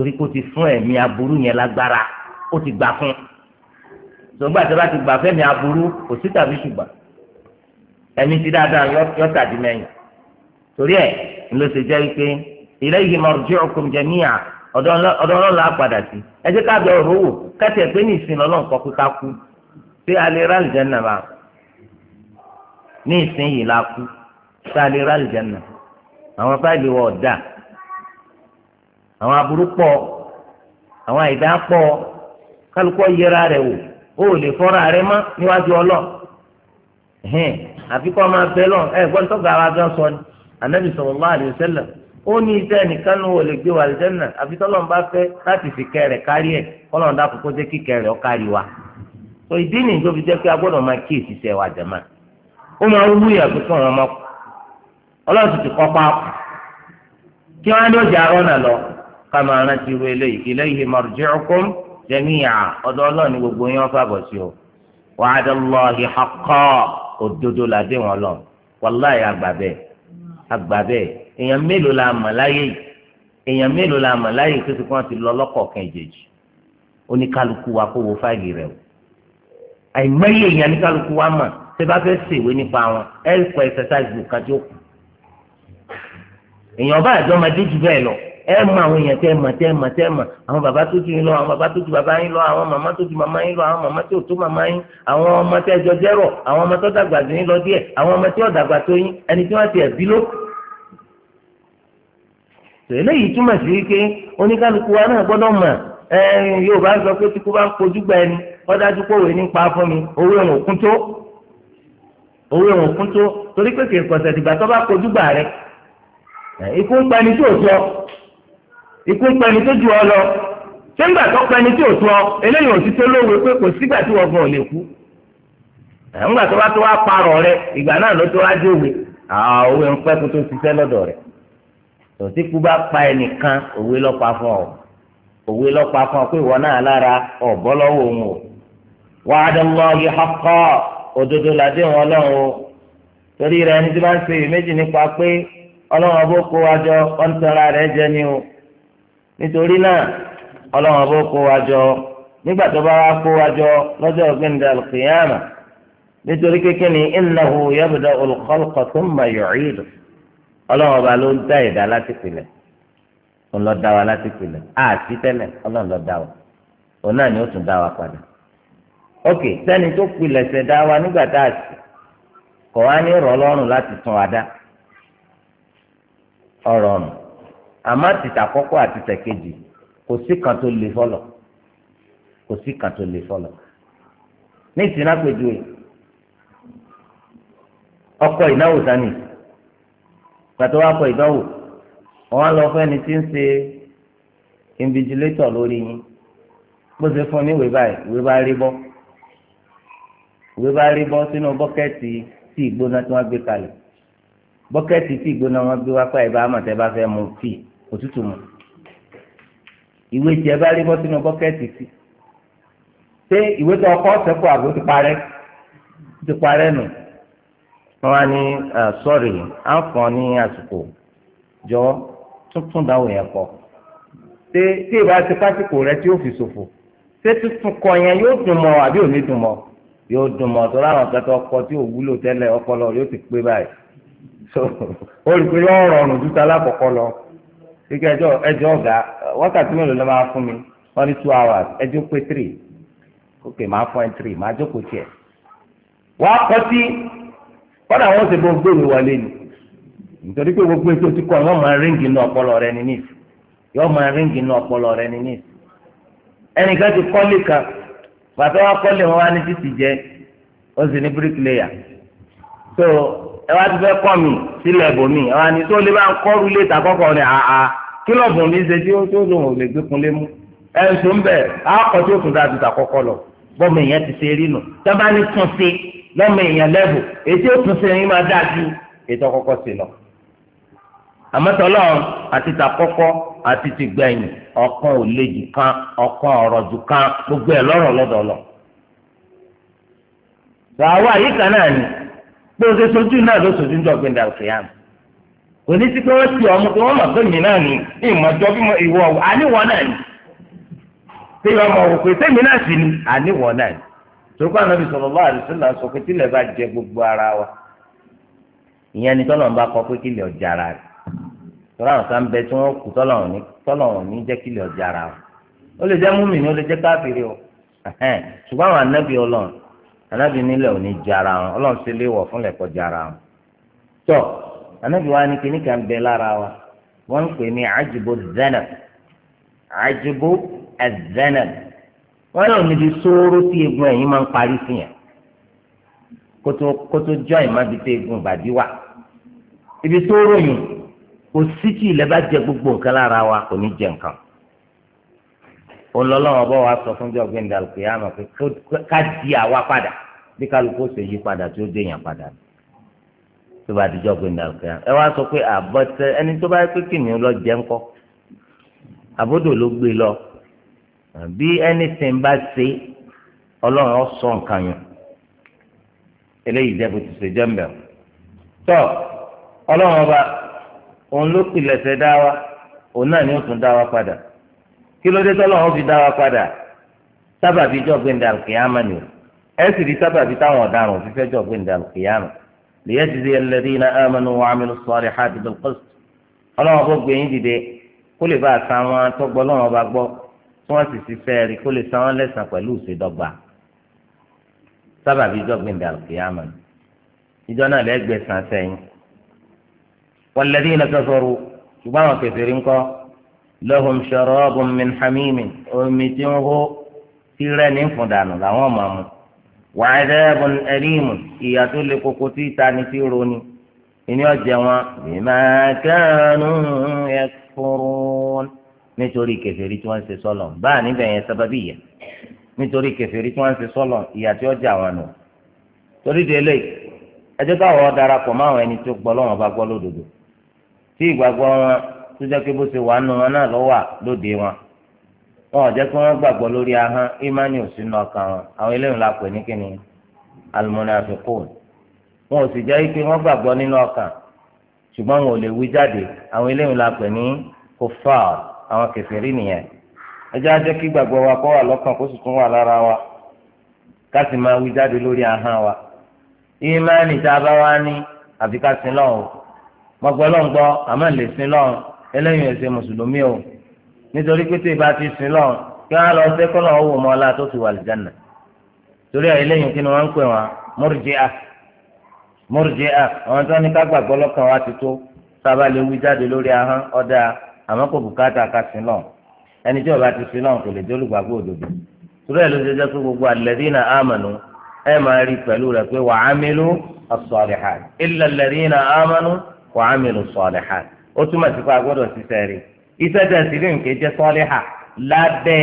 torí kó ti fún ẹ̀mí aburú yẹn lágbára ó ti gbà fún sọgbà tí a bá ti gbà fẹ́mi aburú kò sí tàbí ṣùgbà ẹ̀mí ti dáadáa yọta di mẹ́yìn torí ẹ̀ ló ṣe jẹ́ wípé ilayhi marji'ukum jami'a ọ̀dọ̀ ọlọ́la padà sí ẹ jẹ́ ká bẹ ọ̀rọ̀ wò kẹ́tẹ̀ pé ní ìsìn lọ́lọ́ nǹkan pé ká kú ṣé alẹ́ rà lìjẹ́nà bá ní ìsìn yìí la kú ṣé alẹ́ rà lìjẹ́nà àwọn fáìlì wọ̀ ọ̀dà àwọn aburú pọ àwọn àìdá pọ kálukú yẹra rẹ̀ wò ó lè fọ́ra rẹ̀ mọ́ níwájú ọlọ ẹ̀hìn àfikọ́ máa bẹ lọ ẹ̀ gbọ́n tó ara gan sọ ni anabi sallallahu alaihi ó ní iṣẹ́ nìkan ló wọlé gbé wa àlùjẹ́nà àfi tọ́lọ́n bá fẹ́ láti fi jẹ́ kárí wa tó ìdí fi a máa kama rántí ru eléyìí ilayhi marji'ukum jami'a ọ̀dọ̀ Ọlọ́run ni gbogbo yín wọ́n fàbọ̀ sí o wa'adallahi haqqan òdodo làdé wọn lọ wàláyé àgbàbẹ àgbàbẹ èèyàn mélòó la mọ̀ láyé yìí èèyàn mélòó la mọ̀ láyé yìí tó kàn ti lọ lọ́kọ̀ọ̀kan ìjèjì oníkálukú wa kó wo fáìlì rẹ o àìmọye èèyàn oníkálukú wa mọ̀ tẹ́ bá fẹ́ ṣèwé nípa wọn ẹ kọ ẹ mọ àwọn èèyàn tẹ mọ tẹ mọ tẹ mọ àwọn bàbá tó ju yín lọ àwọn bàbá tó ju bàbá yín lọ àwọn màmá tó ju màmá yín lọ àwọn màmá tó tó màmá yín àwọn ọmọ tẹ jọ jẹrọ àwọn ọmọ tó dàgbà tó yín lọ díẹ̀ àwọn ọmọ tí ò tó yín ẹni tí wọn ti ẹbí ló. eléyìí túmọ̀ sí wípé oníkálukú wa náà gbọ́dọ̀ mọ̀ Yorùbá sọ pé tí kò bá ń kojú gba ẹni wọ́n dájú pé òwe nípa fún mi owó ẹ̀wọ̀n ikú ń pa ẹni tó sọ ikú ń pẹni tó ju ọ lọ ṣé ń gbà tó pẹni tí ò tó ọ eléyìí òsì tó lówe pé kò sígbà tí wọn gan ò lè kú ẹ̀ńgbà tó bá tó wá parọ̀ rẹ ìgbà náà ló tó wá òwe ń pẹ́ kó tó ṣiṣẹ́ lọ́dọ̀ rẹ̀ tòtí kú bá pa ẹnìkan òwe fún ọ òwe lọ́pa fún ọ pé ìwọ náà lára ọ̀bọ nítorí náà ọlọ́run ọba kó wa jọ nígbà tó bá wá kó wa jọ lọ́jọ́ ọ̀gbìndà al nítorí kékeré ni innahu yabda'ul khalqa thumma yu'idu ọlọ́run ọba ló ń dá láti pilẹ̀ òun dá ok sẹ́ni tó pilẹ̀ wa nígbà tá a sì kọ̀ wá ní ìrọ̀lọ́rùn láti tún àmọ́ àtìtà àkọ́kọ́ àtìtà kejì kò sí kan tó le fọlọ̀ kò sí kan tó le fọlọ̀ ní ìsìnà pẹ̀lú ẹ̀ ọkọ̀ ìnáwó sani pàtó wà kọ ìdánwò wọn lọ fún ẹni tí ń ṣe invigilator lórí yín bó ṣe fún ní ìwé báyìí ìwé bá rí bọ́ ìwé bá rí bọ́ sínú bọ́kẹ́ẹ̀tì tí ìgbóná tí wọ́n gbé kalẹ̀ bọ́kẹ́ẹ̀tì tí ìgbóná wọn gbé wá pa ìbámu tẹ́ bá fẹ́ mu tíì òtútù mu ìwé tí ẹ bá rí bọ́ sínú bọ́kẹ́tì sí ṣé ìwé tó ọkọ sẹ́kù àbí ó ti parẹ́ ó ti parẹ́ nù wọ́n wá ní sọ́ọ̀rì à ń fọ́n ní àsìkò jọ tuntun dáwò yẹn kọ ṣé tí ìbá ti pásìkò rẹ tí ó fi ṣòfò ṣé tuntun kọ yẹn yóò dùn mọ́ àbí ò ní dùn mọ́ yóò dùn mọ́ tó láwọn kẹtọ ọkọ tí ò wúlò tẹ́lẹ̀ ọpọlọ yóò ti pé báyìí so olùpẹ̀lẹ́ ọ̀rọ̀ ọ̀rùn jù lákọ̀ọ́kọ́ lọ ike ẹjọ ẹjọ ọ̀gá wákàtí mélòó ló máa fún mi wọ́n ní two hours ẹjọ pé three ok máa fún ẹ three máa jókòó tiẹ̀ wàá kọ sí kọ́dà wọ́n ṣe bó gbé mi wọlé ni nítorí pé gbogbo ètò ti kọ́ ọ yọ́n máa ríngì inú ọpọlọ rẹ ní níìsì yọ́n máa ríngì inú ọpọlọ rẹ ní níìsì ẹnìkan ti kọ́lé kan pàtó wá kọ́lé wọn wá ní títì jẹ ó sì ní bíríkìlẹ́yà so ẹ wá ti fẹ́ kọ́ mi sílẹ̀ ẹ̀bùnmi ẹ wá ní tó lè bá ń kọ́ rúlé ta kọ́kọ́ ni àá kílọ̀bù mi ṣe tí ó tó lòun ò lè gbé kun lé mú ẹ ń sọ bẹ́ẹ̀ àkọ́ tí ó tún dáa ti ta kọ́kọ́ lọ bọ́mọ èèyàn ti ṣe rí nù tábà ní tún ṣe lọ́mọ èèyàn lẹ́bù ètí ó tún ṣe yín máa dáa ju ètò kọ́kọ́ ṣe lọ. àmọ́tọ́lọ́ àti ta àti ti gbẹ̀yìn ọ̀kan ò bó o ṣe sojú náà ló sojú ń dọ̀gbìn dà òkè àmì kò ní sí pé wọ́n ti ọmọ pé wọ́n mọ̀ pé mi náà nù ní ìmọ̀jọ́ bí mo ìwọ àníwọ̀ náà ni pé ọmọ òwò pé sẹ́mi náà sì ni àníwọ̀ náà ni torí pé Ànábì sallallahu alaihi wasallam sọ pé tílẹ̀ bá jẹ gbogbo ara wa ìyẹn ni tọ́lọ̀ ń bá kọ pé kílẹ̀ ọjà ara rẹ̀ tọ́lọ̀ àwọn sáà ń bẹ tí wọ́n kú tọ́lọ̀ ní anábì nílẹ̀ ò ní jara wọn ọlọ́run sì lè wọ̀ fúnlẹ̀ kọ́ jara wọn. tọ́ anábì wa ni kíní kan bẹ lára wa wọ́n ń pè ní àjùbọ̀ zanab àjùbọ̀ zanab wọ́n náà níbi sóró tí egun ẹ̀yìn máa ń parí sí yẹn kótó kótó ìmábi tó egun ìbàdí wà ibi sóró yìí kò sí kí ilẹ̀ bá jẹ gbogbo nǹkan lára wa kò ní jẹ nǹkan. olọ́lọ́wọ́ bọ́ wa sọ ká di àwa padà bí kálukú ṣe yí padà tí ó dé yàn padà tó bá dijọ́ ẹ wá sọ pé àbọ̀tẹ ẹni tó bá yẹ pé kìnìún lọ jẹ́ ńkọ́ àbódò ló gbé lọ bí anything bá ṣe ọlọ́run ọ sọ nǹkan yẹn eléyìí jẹ́ bó ti ṣe jẹ́ mbẹ́ tọ́ ọlọ́run ọba òun ló pilẹ̀ṣẹ̀ dá wa òun náà kí ló dé tọ́lọ́ wọn fi dá wa padà sábàbí jọ̀gbìn dàlùkìyàmà ni o ẹ sì rí sábàbí táwọn ọ̀daràn òfìfẹ́ jọ̀gbìn dàlùkìyàmà lìyẹ́jìdì ẹlẹ́dínà àmàlù wà ámìlú sọ́ọ̀rì hàdì bìlkọ́sì ọlọ́wọ́n bó gbẹ̀yìn dìde kó lè bá àtà wọn tó lọ́wọ́n bá gbọ́ tí wọ́n sì ti fẹ́ rí kó lè san wọ́n lẹ́sàn pẹ̀lú ìṣèdọ́gba sábàbí jọ̀gbìn dàlùkìyàmà ni ìjọ lahum sharabun min hamim omi tí ń hó tí rẹ́ni fún dànù làwọn máa mu wa adhabun alim ìyà tó le koko tí tani tí roni ìní ọ̀jẹ̀ wọn bima kanu yakfurun nítorí kèfèrí tí wọ́n ń ṣe sọ́lọ̀ báà níbẹ̀ yẹn sábàbí yẹn nítorí kèfèrí tí wọ́n ṣe sọ́lọ̀ ìyà tí ọjà wọn nù torí délé ẹjọ́ táwọn darapọ̀ máwọn ẹni tó gbọ́ lọ́wọ́n bá gbọ́ lódodo tí ìgbàgbọ́ wọn tó jẹ́ pé bó ṣe wà nù wọn náà ló lóde wọn wọn ò jẹ́ kí wọ́n gbàgbọ́ lórí ahọ́n imani ò sínú ọkàn wọn àwọn eléyìí la pè ní kíni wọn ò sì jẹ́ pé wọ́n gbàgbọ́ nínú ọkàn ṣùgbọ́n wọn ò lè wí jáde àwọn eléyìí la pè ní àwọn nìyẹn á jẹ́ kí gbàgbọ́ wa kọ́ lọ́kàn kó sì tún wà lára wa ká sì máa wí wa imani tá a bá wá ní àmọ́ ẹlẹ́yìn ẹ̀sẹ̀ mùsùlùmí o nítorí pé tó ìbá ti sin lọ kí wọ́n á lọ ṣe kọ́nà ọ̀wọ́ ọmọ ọlá tó ti wà lìjánà torí ẹ̀ ẹlẹ́yìn kí ni wọ́n ń pè wọn mọ́rìjẹ́à mọ́rìjẹ́à àwọn tó ní ká gbàgbọ́ lọ́kàn wa ti tó sábà lè wí jáde lórí ahọ́n ọ̀dà àmọ́ kò bùkátà ká sin lọ ẹni tí ti sin lọ kò lè amanu ó túmọ̀ sí pé a gbọ́dọ̀ ṣiṣẹ́ rí iṣẹ́ tẹ̀ sí lóyún kéjẹ sọ́ọ́lẹ́hà lábẹ́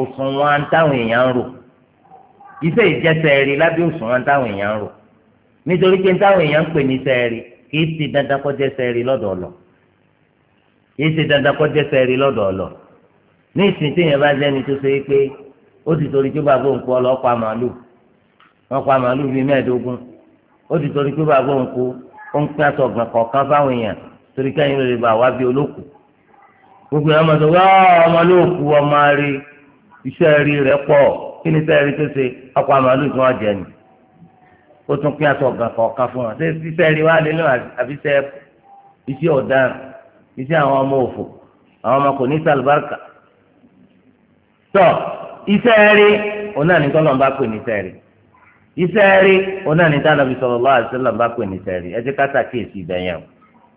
òṣùwọ̀n táwọn èèyàn ń rò iṣẹ́ ìjẹsẹ̀ rí lábẹ́ òṣùwọ̀n táwọn èèyàn ń rò nítorí pé táwọn èèyàn ń pè ní iṣẹ́ rí kìí ṣe dandan kó jẹ́sẹ̀ rí lọ́dọ̀ ọ̀lọ́ kìí ṣe dandan kó jẹ́sẹ̀ rí lọ́dọ̀ ọ̀lọ́ ní ìsìn tí èèyàn bá jẹ́ni tó ṣe pé ó ti torí pé bàbá òun kú ọlọ́pàá màálùú wọn pa màálùú bíi mẹ́ẹ̀ẹ́dógún ó ti torí pé bàbá òun kú ó ń pín aṣọ kọ̀ọ̀kan fáwọn èèyàn torí káyìn ló lè bá wá bí olókù gbogbo yẹn mọ̀tò wá ọmọ lóòkù ọmọ rí iṣẹ́ rí rẹ̀ pọ̀ kí ni sẹ́ẹ̀rí tó ṣe ọkọ̀ àmàlù tí wọ́n jẹ ni ó tún pín aṣọ ọ̀gá kọ̀ọ̀kan fún wọn ṣé iṣẹ́ rí wá nínú àbí iṣẹ́ ọ̀daràn iṣẹ́ àwọn ọmọ òfò àwọn ọmọ kò ní sàlùbáríkà tọ iṣẹ́ rí òun náà ní bá pè ní iṣẹ́ rí iṣẹ́ rí òun náà ní tánàbí sallallahu alaihi wasallam bá pè ní iṣẹ́ rí ẹ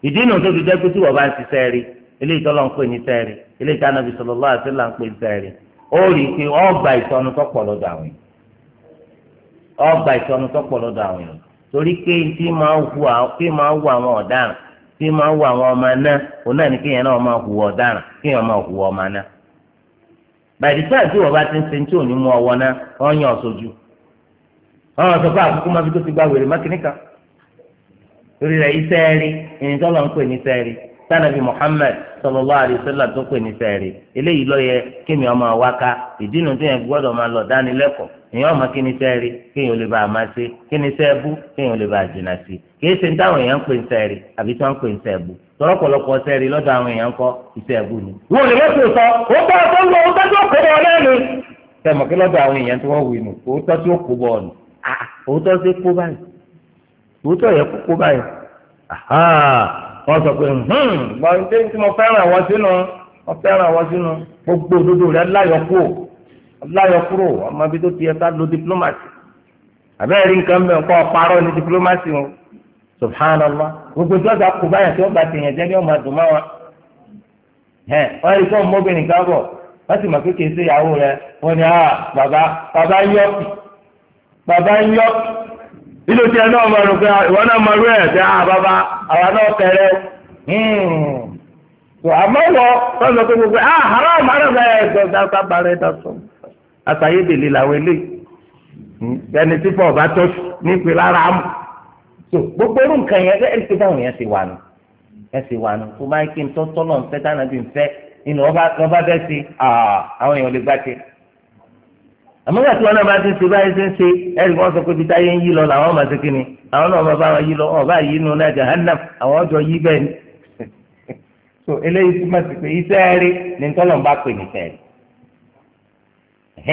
ìdí nu tó fi jẹ́ pé tí wọ́n bá ń ṣiṣẹ́ rí eléyìí tọ́lọ́ ń pè ní sẹ́ẹ̀rì eléyìí tí anábì sallallahu alaihi wasallam ń pè ní sẹ́ẹ̀rì ó rí i pé ó gba ìtọ́nu tó pọ̀ lọ́dọ̀ àwọn èèyàn ó gba ìtọ́nu tó pọ̀ lọ́dọ̀ àwọn èèyàn torí pé tí máa hu àwọn ọ̀daràn tí máa hu àwọn ọmọ náà òun náà ni kéèyàn náà máa hu ọ̀daràn kéèyàn máa hu ọmọ náà bàdí sáà tí wọ́n bá ti ń ṣe tí ò ní mú ọwọ́ náà wọ́n yàn ọ́ wọ́n sọ fún àkókò má fi tó ti gbá wèrè má torí rẹ̀ iṣẹ́ rí ẹni tó lọ ń pè ní iṣẹ́ rí sanabi Muhammad sallallahu alaihi wasallam tó pè ní iṣẹ́ rí eléyìí ló yẹ kémi ọmọ wa ká ìdí nu tó yẹ gbọ́dọ̀ máa lọ dánilẹ́kọ̀ọ́ èèyàn ọmọ kí ni iṣẹ́ rí kéèyàn lè bá a máa ṣe kí ni iṣẹ́ bú kéèyàn lè bá a sí kìí ṣe táwọn èèyàn ń pè ní iṣẹ́ àbí tí wọ́n ń pè ní iṣẹ́ tọ́lọ́pọ̀lọpọ̀ iṣẹ́ lọ́dọ̀ àwọn èèyàn kọ́ iṣẹ́ ni. wọn ò lè mọ́tò sọ ó tó ń lọ ó tó kó bọ̀ òótọ́ yẹ kókó báyìí wọ́n sọ pé gbọ̀ǹdé hmm, tí mo fẹ́ràn àwọn sínú wọ́n fẹ́ràn àwọn sínú gbogbo òdodo ọmọ ibi tó ti lo àbẹ́rẹ́ nǹkan mẹ́rin kọ́ parọ́ ní subhanallah gbogbo tí wọ́n ti kó tí wọ́n bá ti yàn jẹ́ ní ọmọ àdùn máa wọ́n mọ́bìnrin kan bọ̀ wọ́n sì mọ̀ ìyàwó rẹ̀ wọ́n ní ah, bàbá bàbá nínú tiẹ̀ náà máa rò pé ìwọ náà máa rú ẹ̀ tẹ́ à ah, bàbá àwa náà tẹ̀lé hmm. àmọ́ wọ sọ́nà tó gbogbo à ah, haram haram ẹ̀ ẹ̀ dáta balẹ̀ dáta àtàyédèlé làwọn eléyìí hmm. ẹni tí fọ ọba tó nípe rárá mu tó gbogbo orú nǹkan yẹn ẹ ti báwọn yẹn ti wà nù ẹ ti wà nù tó máa kí n tọ́ tọ́lọ̀ ń fẹ́ dáná bí n fẹ́ nínú ọba fẹ́ sí àwọn èèyàn lè gbá tiẹ̀ àmọ́ ìgbà tí wọn náà bá ti ṣe báyìí ṣe ń ṣe ẹ̀rí wọn sọ pé ibi táyé ń yí lọ làwọn máa ṣe kí ni àwọn náà máa bá wọn yí lọ ọ̀ bá yí nu náà jahannam àwọn ọjọ́ yí bẹ́ẹ̀ ni. so eléyìí túmọ̀ sí pé iṣẹ́ rí ni tọ́lọ̀ ń bá pè ní sẹ́ẹ̀rì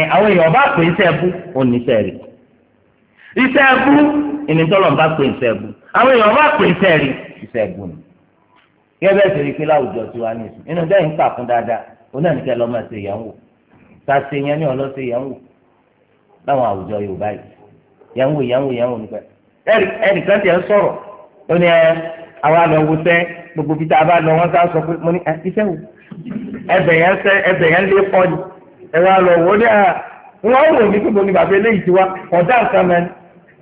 ẹ̀ àwọn èèyàn bá pè ní sẹ́ẹ̀bù ó ní sẹ́ẹ̀rì iṣẹ́ẹ̀bù ni tọ́lọ̀ ń bá pè ní sẹ́ẹ̀bù àwọn èèyàn bá pè ní sẹ́ẹ̀rì iṣẹ́ẹ̀bù ni gẹ́gẹ́ sì rí láwọn àwùjọ yorùbá yìí yàwó yàwó yàwó nípa ẹnìkan ya ń sọ̀rọ̀ ó ní ẹ àwa wo gbogbo bíi tá a bá lọ wọ́n sá sọ pé mo ní iṣẹ́ wò ẹbẹ̀ yẹn sẹ́ ẹbẹ̀ yẹn lé pọ́ ni ẹ wá lọ wò ó ní wò ní ní bàbá eléyìí ti wá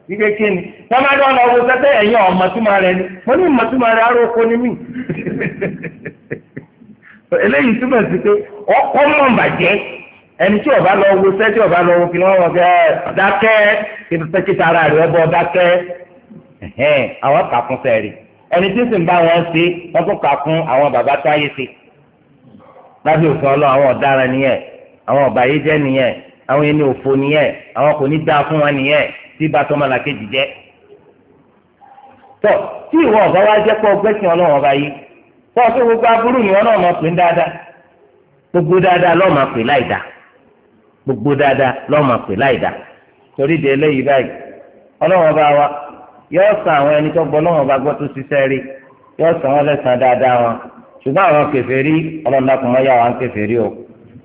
nǹkan ni máa ọmọ rẹ ni mo ní rẹ ẹni tí ọba lọ wo sẹ́tí ọba lọ wo kí wọ́n wọ́n fẹ́ dákẹ́ kìtì sẹ́kìtì ara rẹ̀ bọ́ dákẹ́ ẹ̀hẹ́n àwọn kàkún sẹ́ẹ̀rì ẹni tí sì ń bá wọn ṣe wọ́n tún kàkún àwọn bàbá tó ayé ṣe lábẹ́ òfin ọlọ́run àwọn ọ̀daràn nìyẹn àwọn ọ̀bàyéjẹ́ nìyẹn àwọn ẹni òfo nìyẹn àwọn kò ní dáa fún wọn nìyẹn tí bá tọ́ máa làkejì jẹ́ tí ìwọ ọ̀gá wa jẹ́ pọ̀ gbẹ́sìn ọlọ́run ọba yìí tọ́ ọ gbogbo dáadáa lọ́mọ pè láìda torí de eléyìí báyìí ọlọ́wọ́n bá wa yóò san àwọn ẹni tó gbọ́ bá gbọ́ san wọn lẹ́sàn dáadáa wọn ṣùgbọ́n àwọn mọ́ yà wọn kèfèrí o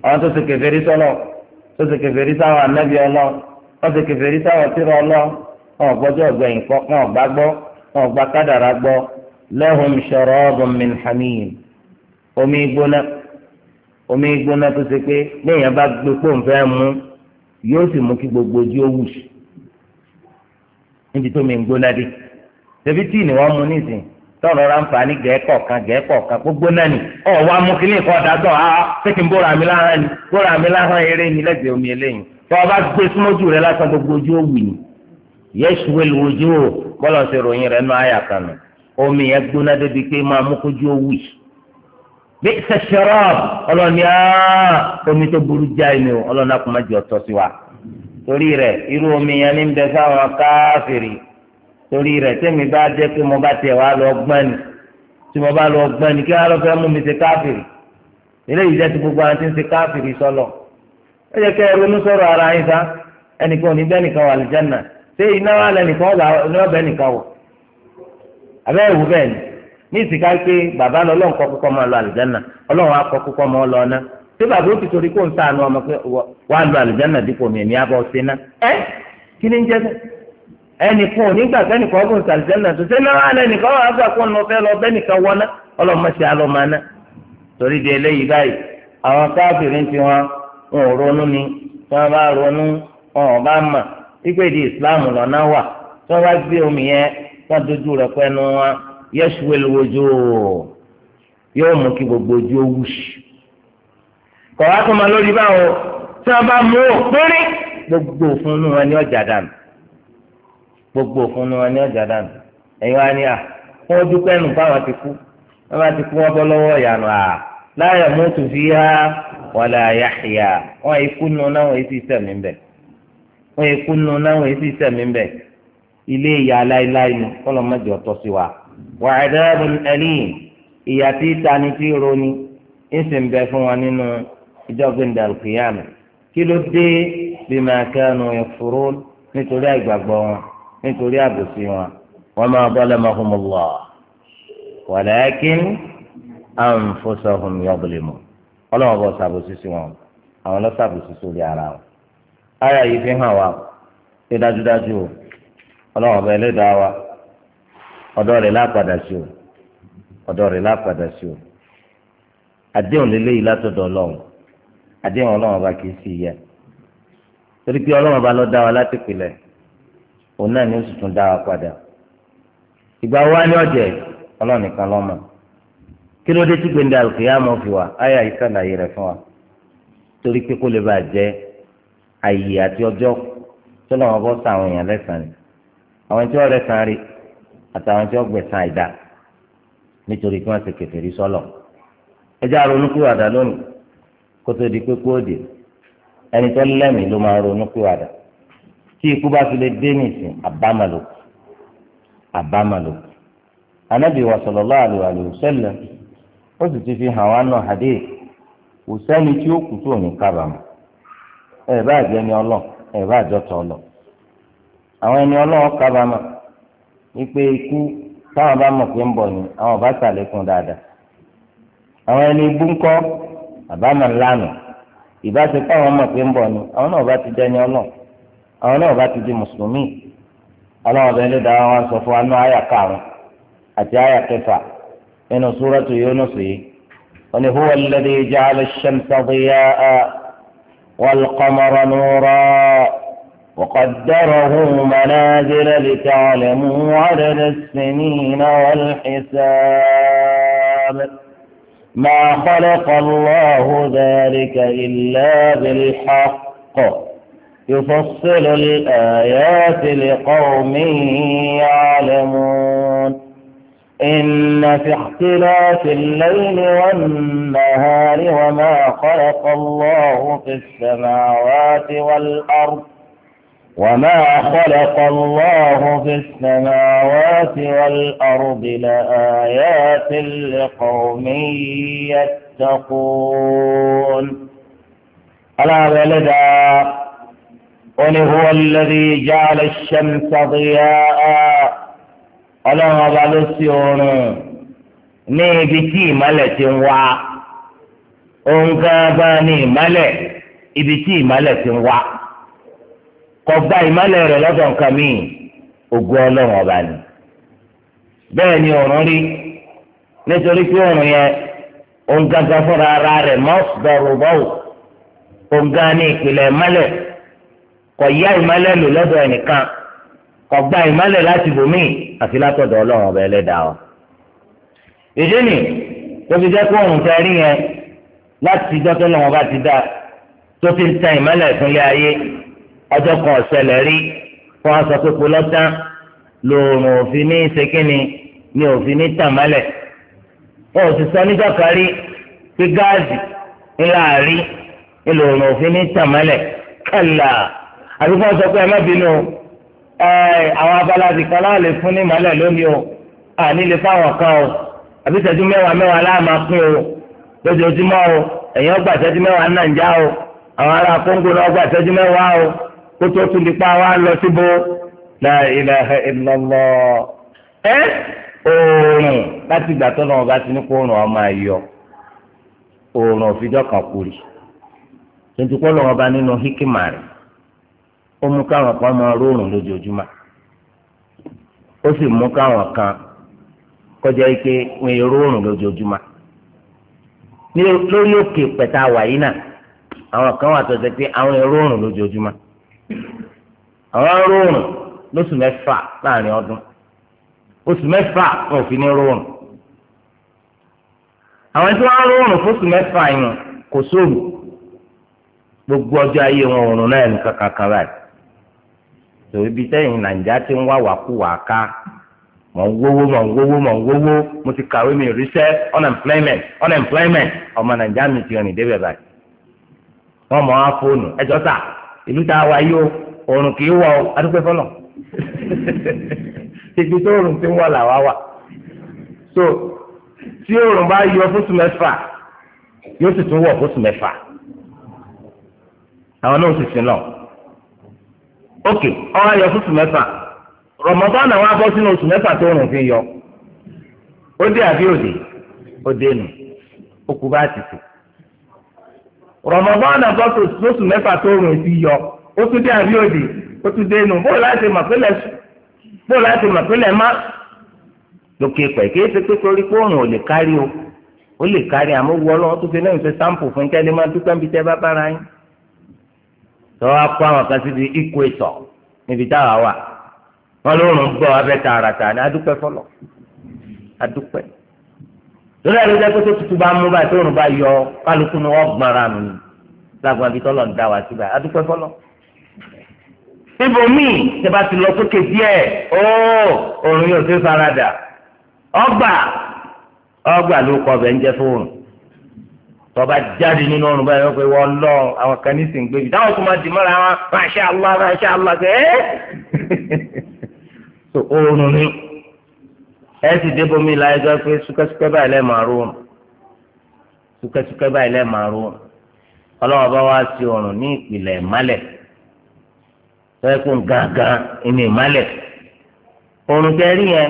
àwọn tó ṣe kèfèrí sọ́lọ̀ tó ṣe sáwọn anábì ọlọ́ ṣe sáwọn ọlọ́ wọn gbọ́jọ́ kọ́ wọn omi gbóná tó ṣe pé léèyàn bá gbé pòǹfẹ́ mu yóò sì mú kí gbogbo ojú ó wù sí níbi tó mi gbóná dé tẹbi tíì ni wọ́n mu nísìn tọrọ ránfààní gẹ̀ẹ́kọ̀ kan gẹ̀ẹ́kọ̀ kan gbogbo náà ni ọ̀ wá mú kí ní ìkọ́ dàtọ̀ á pékin bóra mi láhàn ni bóra mi láhàn eré ni lẹ́gbẹ̀ẹ́ omi eléyìí tọ́ ọ bá gbé súnmọ́jú rẹ lásán gbogbo ojú ó wù ní yẹ́sù wẹ̀lú ojú ó bọ́lọ̀ ṣe ròyìn rẹ̀ nù àyà omi yẹn gbóná débi pé máa mú kójú ó wù yìí bí sẹṣẹrọb ọlọ́ni áá omi tó burú jáì ni o ọlọ́ni akọ̀mọ́jọ tọ́ sí wa torí rẹ̀ irú omi yẹn ní bẹ fáwọn káfìrí torí rẹ̀ tẹ́mi bá jẹ́ pé mo bá tiẹ̀ wá lọ gbọ́n ni tí mo bá lọ gbọ́n ni kí wọ́n lọ fẹ́ mú mi ṣe káfìrí eléyìí jẹ́ ti gbogbo àwọn tí ń ṣe káfìrí sọ́lọ̀ ẹ jẹ́ kẹ́ ẹ ronú sọ̀rọ̀ ara yín sá ẹnìkan ò ní bẹ́ẹ̀ nìkan wà lìjánà ṣé iná wà lẹ́nìkan ọ̀bẹ ní ìsìká pé bàbá lọ ọlọ́run kọ́ kókó máa lọ àlùjáná ọlọ́run akọ́ kókó máa lọ tí bàbá ó ti torí kó ń sànù ọmọ pé wà á lọ àlùjáná dípò mi èmi abọ́ ṣe ná ẹ kí ni ń jẹ́ ẹnìkan tó ṣe náà ẹnìkan kó ń lọ fẹ́ lọ bẹ́nìkan wọná ọlọ́mọ ṣe alọ́mọaná torí di eléyìí báyìí àwọn káfíìrì ti yẹ́sùwé lójú yóò mú kí gbogbo ojú ó wùsì. kọ̀wá tó máa lórí báwo tí wọ́n bá mú òpérè gbogbo òfin inú wọn ní ọjà dànù gbogbo òfin inú wọn ní ọjà dànù ẹ̀yin wá ní à fún ojú pẹ́ẹ́nù báwọn ti kú wọ́n bá ti kú wọ́n bọ́ lọ́wọ́ ìyànà à láyọ̀ mọ́tò fi há wàlà àyàhìyà wọ́n ikú nù náà èsì sẹ̀mí bẹ̀ wọ́n ikú nù náà èsì sẹ̀mí bẹ̀ ilé ìyá aláìláì ni kọ́lọ́ mọ́jọ́ tọ́ sí wa wa'adabun alim ìyà tí tani tí roni ìsìn bẹ fún wọn nínú ìjọgbìn dàlùkìyàmù kí ló dé bima kanu yafurun nítorí àgbàgbọ́ wọn nítorí àbòsí wọn wa ma zalamahumullah walakin anfusahum yadhlimun ọlọ́wọ́ bọ̀ sàbòsí sí wọn àwọn lọ́sàbòsí sórí ara wọn. ayà yìí fi hàn wá pé dájúdájú ọlọ́wọ́ bẹ̀ lè dá wa. ọdọrịla rẹ̀ lápadà sí o lápadà o àdéhùn àdéhùn ọba kìí sì yẹ torí pé ọlọ́run ọba lọ dá wa láti pilẹ̀ òun náà tún dá wa padà ìgbà wa ní ọ̀jẹ̀ ọlọ́run nìkan lọ́mọ kí ló dé tí gbẹ̀ndé àlùkìyàmọ̀ fi fún wa torí pé kó lè bàa àti tó lọ́wọ́ bọ́ sáwọn èèyàn lẹ́sàn àtàwọn tí wọ́n gbẹ̀sán àìdá nítorí kí wọ́n ti kèfèrí sọ́lọ̀ ẹjẹ́ lónìí kó tó di pé ẹni tó lẹ́mìí ló máa ronúkúwàdà tí ikú bá fi lè dé nìsín anábì ó sì ti fi hàn wá náà kò tí ó kù tó ní bá wípé ikú táwọn bá mọ̀ pé ń bọ̀ ni àwọn bá sàlékún dáadáa àwọn ẹni ibú ń kọ́ àbámọ̀ ńlànà ìbáṣe táwọn mọ̀ pé ni àwọn náà bá ti dẹni ọlọ́ àwọn náà bá ti di mùsùlùmí ọlọ́wọ́n bẹ́ẹ̀ ló dáa wọn sọ fún wa àyà karùn-ún àti àyà kẹfà nínú súrọ́tù Yunus yìí wọ́n ní huwa alladhi ja'ala wal وقدره منازل لتعلموا عدد السنين والحساب ما خلق الله ذلك إلا بالحق يفصل الآيات لقوم يعلمون إن في اختلاف الليل والنهار وما خلق الله في السماوات والأرض وما خلق الله في السماوات والأرض لآيات لقوم يتقون ألا ولدا قل هو الذي جعل الشمس ضياء ألا السيون نيبتي ملت وع أنكاباني ملت إبتي ملت وع kò gba ìmọ̀lẹ̀ rẹ̀ lọ́dọ̀ nǹkan míì ògùn ọlọ́run ọba ni bẹ́ẹ̀ ni ọ̀run rí nítorí pé ọ̀run yẹn òun gangan fúnra ara rẹ̀ mọ́sibọ̀rọ̀bọ̀wò òun gan ní ìpìlẹ̀ ìmọ̀lẹ̀ kò yá ìmọ̀lẹ̀ lò lọ́dọ̀ ẹnìkan kò gba ìmọ̀lẹ̀ láti bòmíì àfi látọ̀dọ̀ ọlọ́run ọba ẹlẹ́dàá wa ìdí ni tó fi jẹ́ pé ọ̀run tẹ rí yẹn láti ìjọ́ lọ́wọ́ bá ti dá tó fi ń tan ìmọ̀lẹ̀ fúnlé ayé ọjọ́ kan ọ̀sẹ̀lẹ̀ rí fún aṣọ pípọ̀ lọ́tàn lòrùn òfin ní sekínì ní òfin ní tàmálẹ̀ wọn ò sì sọ níjọ́ kan rí pé gáàsì ńlá rí ńlòrùn òfin ní tàmálẹ̀ kàlà àbí fún aṣọ pé ẹ má bínú ẹ àwọn abala àbíkan láàlè fún ní ìmọ̀lẹ̀ lónìí o àní lè fáwọn kan o àbí ìṣẹ́jú mẹ́wàá mẹ́wàá láàmà pín o lójoojúmọ́ o ẹ̀yin ọgbà ìṣẹ́jú mẹ́wàá náà ń já o àwọn ará kóńgò náà ọgbà ìṣẹ́jú mẹ́wàá o. kó tó tún di pa wá lọ síbò la ilaha ẹ oòrùn láti ìgbà tó ti ní kó oòrùn ọmọ ayọ̀ oòrùn òfijọ́ kan kú rí tuntun kó lọ́wọ́ nínú ó mú káwọn kan máa róòrùn lójoojúmọ́ ó sì mú káwọn kan kọjá ike wọn èrò òrùn lójoojúmọ́ lórí òkè pẹ̀tà wàyí náà àwọn kan wà tọ́jú pé àwọn àwọn rọrùn lóṣù mẹ́fà láàrin ọdún oṣù mẹ́fà wọn ò fi ní rọrùn àwọn tí wọ́n rọrùn fóṣù mẹ́fà yẹn kò sóòrù gbogbo ọjọ́ ayé wọn òrùn náà nìkan kankan báyìí tòun ibi sẹ́yìn nàìjíríà ti ń wá wàkúwà ká mọ̀ ń wówó mọ̀ ń wówó mọ̀ ń wówó mo ti kàwé mi ríṣẹ́ unemployment unemployment ọmọ nàìjíríà mi ti rìn débẹ̀ báyìí wọ́n mọ̀ á fóònù ẹjọ́ sà ìlú tá a wá o òrùn kì í wọ ọ adúpẹ́ fọlọ́ ibi tó òrùn ti ń wọ làwa wà so tí òrùn bá yọ fóṣù mẹ́fà yóò sì tún wọ fóṣù mẹ́fà àwọn náà sì sin lọ ok ọwọ́ ayọ fóṣù mẹ́fà Ramadan àwọn abọ́ sínú oṣù mẹ́fà tó òrùn fi yọ ó dé àbí òde ó dé nù ó kú bá ti sè Ramadan àbọ̀ sóṣù mẹ́fà tó fi yọ. ó tún dé àbí òdì ó tún dé inú bóòlù láti màpélẹ bóòlù láti màpélẹ má lókè pẹ kí ẹsẹ pé torí pé ò lè kárí o ó lè kárí àmọ́ wọ Ọlọ́run tó fi lẹ́yìn fẹ sáǹpù fún kẹlẹ máa dúpẹ́ níbi tẹ bá bára yín tọwọ akọ àwọn kan síbi ikú ìtọ níbi táwa wà wọn lóòrùn gbọ abẹ tààràtà ní adúpẹ́ fọlọ adúpẹ́ lórí ẹ̀rọ jẹ́ pé tó tutù bá mú báyìí tó bá yọ kálukú ni wọ́n gbọ́n ra nù ní lágbọ́n abitọ́lọ́ ń dá wa síbẹ̀ adúpẹ́ fọlọ́ ibòmíì tẹ dịba ti lọ sókè díẹ̀ ooo oorun yóò ṣe faradà ọgbà ọgbà ló kọ ń jẹ fóònù tọba jáde nínú ọrùn báyìí wọn pe wọn lọ àwọn kan ní sìn gbèbí táwọn tún máa dì wọn máṣá allah máṣá ṣe é so oorun ni ẹ láyé jọ pé báyìí máa rún báyìí fẹ́ẹ́kùn gángan ìní ìmálẹ̀ òrùn tẹ́rí yẹn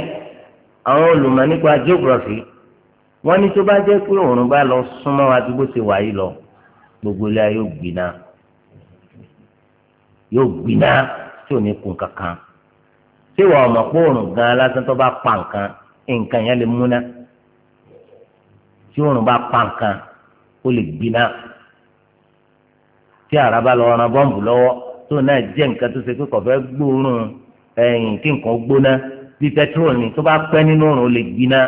àwọn olùmọ̀ nípa geography wọ́n ní tó bá jẹ́ pé òrùn bá lọ súnmọ́ àdúgbò ti wà yìí lọ gbogbo ilé yóò gbiná yóò gbiná tí ò ní kun kankan tí ìwà ọmọ pé òrùn gan lásán tó bá pa nǹkan nǹkan yẹn lè múná tí òrùn bá pa nǹkan ó lè gbiná tí àrà bá lọ ran bọ́ǹbù lọ́wọ́ tó náà jẹ́ nǹkan tó ṣe pé kò fẹ́ gbóòórùn ẹ̀yìn kí nǹkan gbóná bí pẹtrol ni tó bá pẹ́ nínú òórùn ó lè gbiná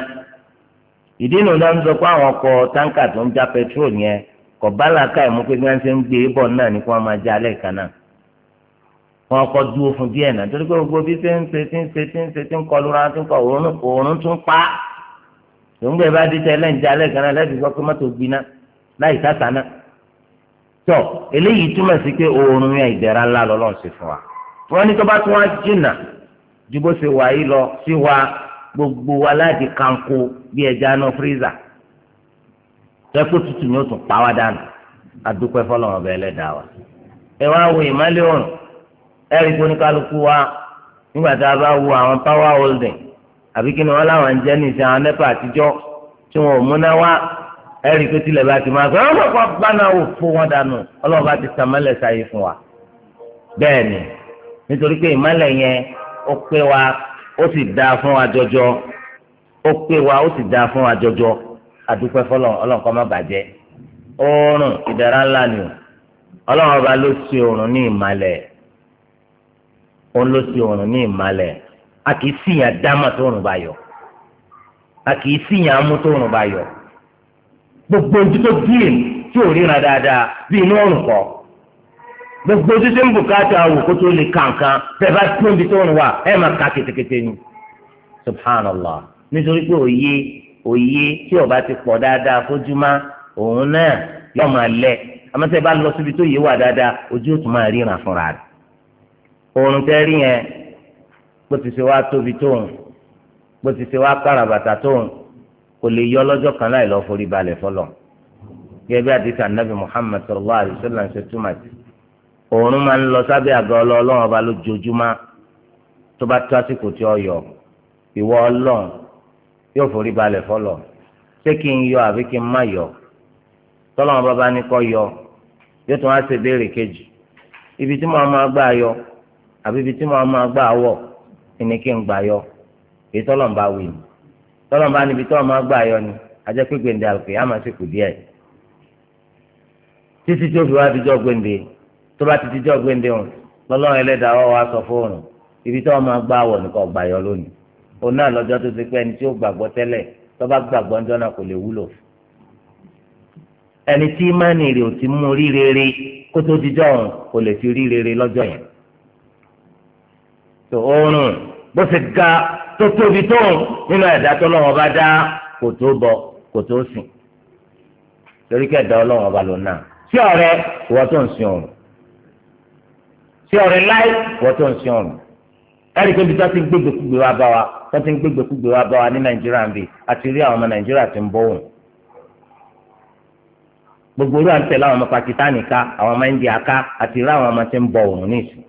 ìdí nu náà ń sọ pé àwọn ọkọ̀ táǹkà tó ń já pẹtrol yẹn kò bá làákà ìmú pé bí wọ́n ṣe ń gbé e bọ̀ náà ni kí wọ́n máa já alẹ́ kan náà wọn kọ dúró fún díẹ̀ náà torí pé gbogbo bí ṣe ń ṣe ti ń ṣe ti ń ṣe ti ń kọlu ra ti ń kọ òórùn tún pa tòun gbé e bá dé tẹ lẹ́ǹjẹ́ alẹ́ kan náà tọ eléyìí túmọ̀ sí pé oorun yẹn ìdẹ̀ra ńlá lọ́lọ́run ṣe fún wa wọ́n ní tó bá tún wá jìnnà ju bó ṣe wà yìí lọ sí wa gbogbo wa láti kanko bí ẹja náà fírísà tẹ́kọ̀ tútù ni ó tún pa wá dànù adúpẹ́ fọlọ́run ọbẹ̀ ẹlẹ́dàá wa ẹ wá wo ìmọ̀lẹ́ òrùn ẹ rí wa nígbà tá a bá wo àwọn power holding àbí kí ni wọ́n láwọn ń jẹ́ ní ìsìn àwọn nẹ́pà àtijọ́ tí wọn ò múná wá ẹ̀rí pé tilẹ̀ bá ti máa sọ ọ́n lọ́kọ̀ wò fún wọn dànù ti sàmọ́lẹ̀ fún wa. bẹ́ẹ̀ ni nítorí pé yẹn ó pé wa ó sì dáa fún wa jọjọ ó pé wa ó sì dáa fún wa jọjọ àdúpẹ́ fọlọ́ ọlọ́nkọ́ má bàjẹ́ oorun ìdára ńlá ni ló ṣe oorun ní ìmọ̀lẹ̀ òun ló ṣe oorun ní ìmọ̀lẹ̀ a kì gbogbo ojú tó dín tí ò ríran dáadáa bí inú ọ̀rùn kọ́ gbogbo ojú tó ń bùkátà wò kó tó lè kàǹkan tẹ̀ bá tó ń bi tó ń wà ẹ̀ máa ka kètèkètè ni subhanallah nítorí pé òye òye tí ọba ti pọ̀ dáadáa fójúmá òun náà yóò máa lẹ̀ amọ́tẹ́ bá lọ síbi tó yé wà dáadáa ojú ò tún máa ríran fúnra rẹ̀ oorun tẹ́ rí yẹn bó ti ṣe wá tóbi tóun bó ti ṣe wá káràbàtà tóun kò lè yọ lọ́jọ́ kan láì lọ forí balẹ̀ fọlọ́ gẹ́gẹ́ bí àti sànàbì Muhammad sallallahu alaihi wasallam ṣe túmọ̀ sí òórùn máa ń lọ sábẹ́ àga ọlọ́run ọba lójoojúmọ́ tó bá tó àsìkò tí ó yọ ìwọ ọlọ́run yóò forí balẹ̀ fọlọ́ ṣé kí n yọ àbí kí n má yọ tọ́lọ́run bàbá ní kọ́ yọ yóò tún wá ṣe béèrè kejì ibi tí màá máa gbà yọ àbí ibi tí màá máa gbà wọ̀ ẹni kí n gbà yọ èyí tọ́lọ́run bá wí ni tọ́lọ́ bá níbi tọ́ máa gbà yọ ni ajẹ́ pé gbèǹde àlùkò yá máa ṣèkù díẹ̀ títí tó fi wá ti jọ́ gbèǹde tó bá ti ti jọ́ gbèǹde hàn lọ́lọ́run ẹlẹ́dàá wọ́n sọ fóònù ibi tọ́ gbà wọ̀ gbà yọ lónìí náà lọ́jọ́ tó ti pẹ́ ẹni tí ó gbàgbọ́ tẹ́lẹ̀ bá tó tóbi tó nínú ẹ̀dá tó lọ́wọ́ bá dá kò tó bọ kò tó sìn torí kẹ̀dá ọlọ́wọ́ bá lò náà sí ọ̀rẹ́ ìwọ tó ń sin ọ̀run sí ọ̀rẹ́ láì ìwọ tó ń sin ọ̀run ẹ̀rí pé bí tó ti ń gbégbèkúgbè wá bá wa tó ti ń gbégbèkúgbè wá bá wa ní nàìjíríà ń bì àti rí àwọn ọmọ nàìjíríà ti ń bọ̀ wọn gbogbo olú à tẹ̀lé àwọn ọmọ pakistani ká àwọn ọmọ india ká àti rí àwọn ọmọ ti ń bọ̀ wọn ní ìsìn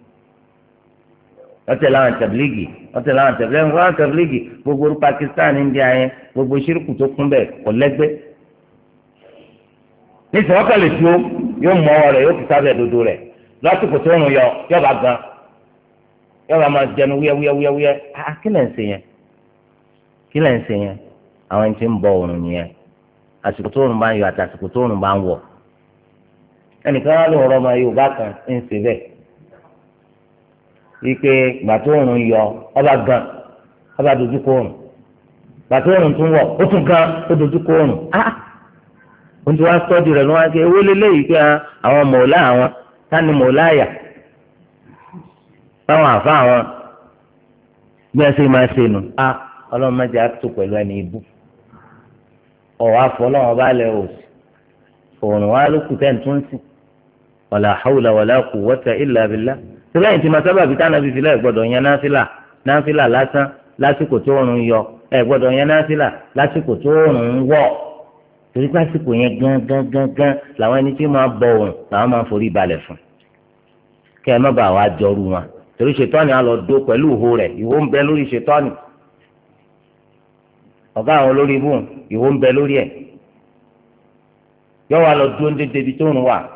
ọtẹ làwọn tẹbílígì ọtẹ làwọn tẹbílígì wọn tẹbílígì gbogbo Pakistan India yẹn gbogbo ṣírùkù tó kún bẹ́ẹ̀ kò lẹ́gbẹ́ nísìnyí wọn kàn lè tó yóò mọ ọwọ́ rẹ̀ yóò fi sábẹ́ dodo rẹ̀ lásìkò tó ń yọ yọba gan yọba máa jẹnu wíyẹwíyẹwíyẹ kí lẹ̀ ń ṣe yẹn kí lẹ̀ ń ṣe yẹn àwọn ẹni ń bọ òrùn nìyẹn àsìkò tó òrùn bá ń yọ àti àsìkò tó òrùn bá ń wọ̀ ẹnìkan á lò rọmọ wípé gbàtó òrùn yọ ọba gan ọba dojú kọ òrùn gbàtó òrùn tún wọ̀ ó tún gan ó dojú ah oúnjẹ wa sọ́ọ́dì rẹ̀ ló wá ike ewé lélẹ́yìí pé àwọn mọ̀ọ́lá àwọn tani mọ̀ọ́lá àyà báwọn àfa àwọn bí ẹ ṣe máa ṣe nù a ọlọ́run mẹ́jẹ á tó pẹ̀lú ẹni ibú ọ̀wá fọlọ́wọ́n bá lẹ òrùn wa ló kù tẹ́ǹtún sí ọ̀là sílẹ̀yìn tí masábà fi tánà fi filẹ̀ gbọ́dọ̀ yan náfìlà náfìlà lásán lásìkò tó òòrùn yọ ẹ gbọ́dọ̀ yan náfìlà lásìkò tó òòrùn wọ̀ torí pé àsìkò yẹn gan gan gan gan làwọn ẹni tí máa bọ òòrùn làwọn máa forí balẹ̀ fún kẹ́ ẹ má bàa wá jọrú wọn torí ṣètọ́ni á lọ dó pẹ̀lú ìhó rẹ̀ ìhó ń bẹ lórí ṣètọ́ni ọ̀gá àwọn olórí ibùn ìhó ń bẹ lórí ẹ̀ yọ wà lọ dúró déédéé ibi tó ń wà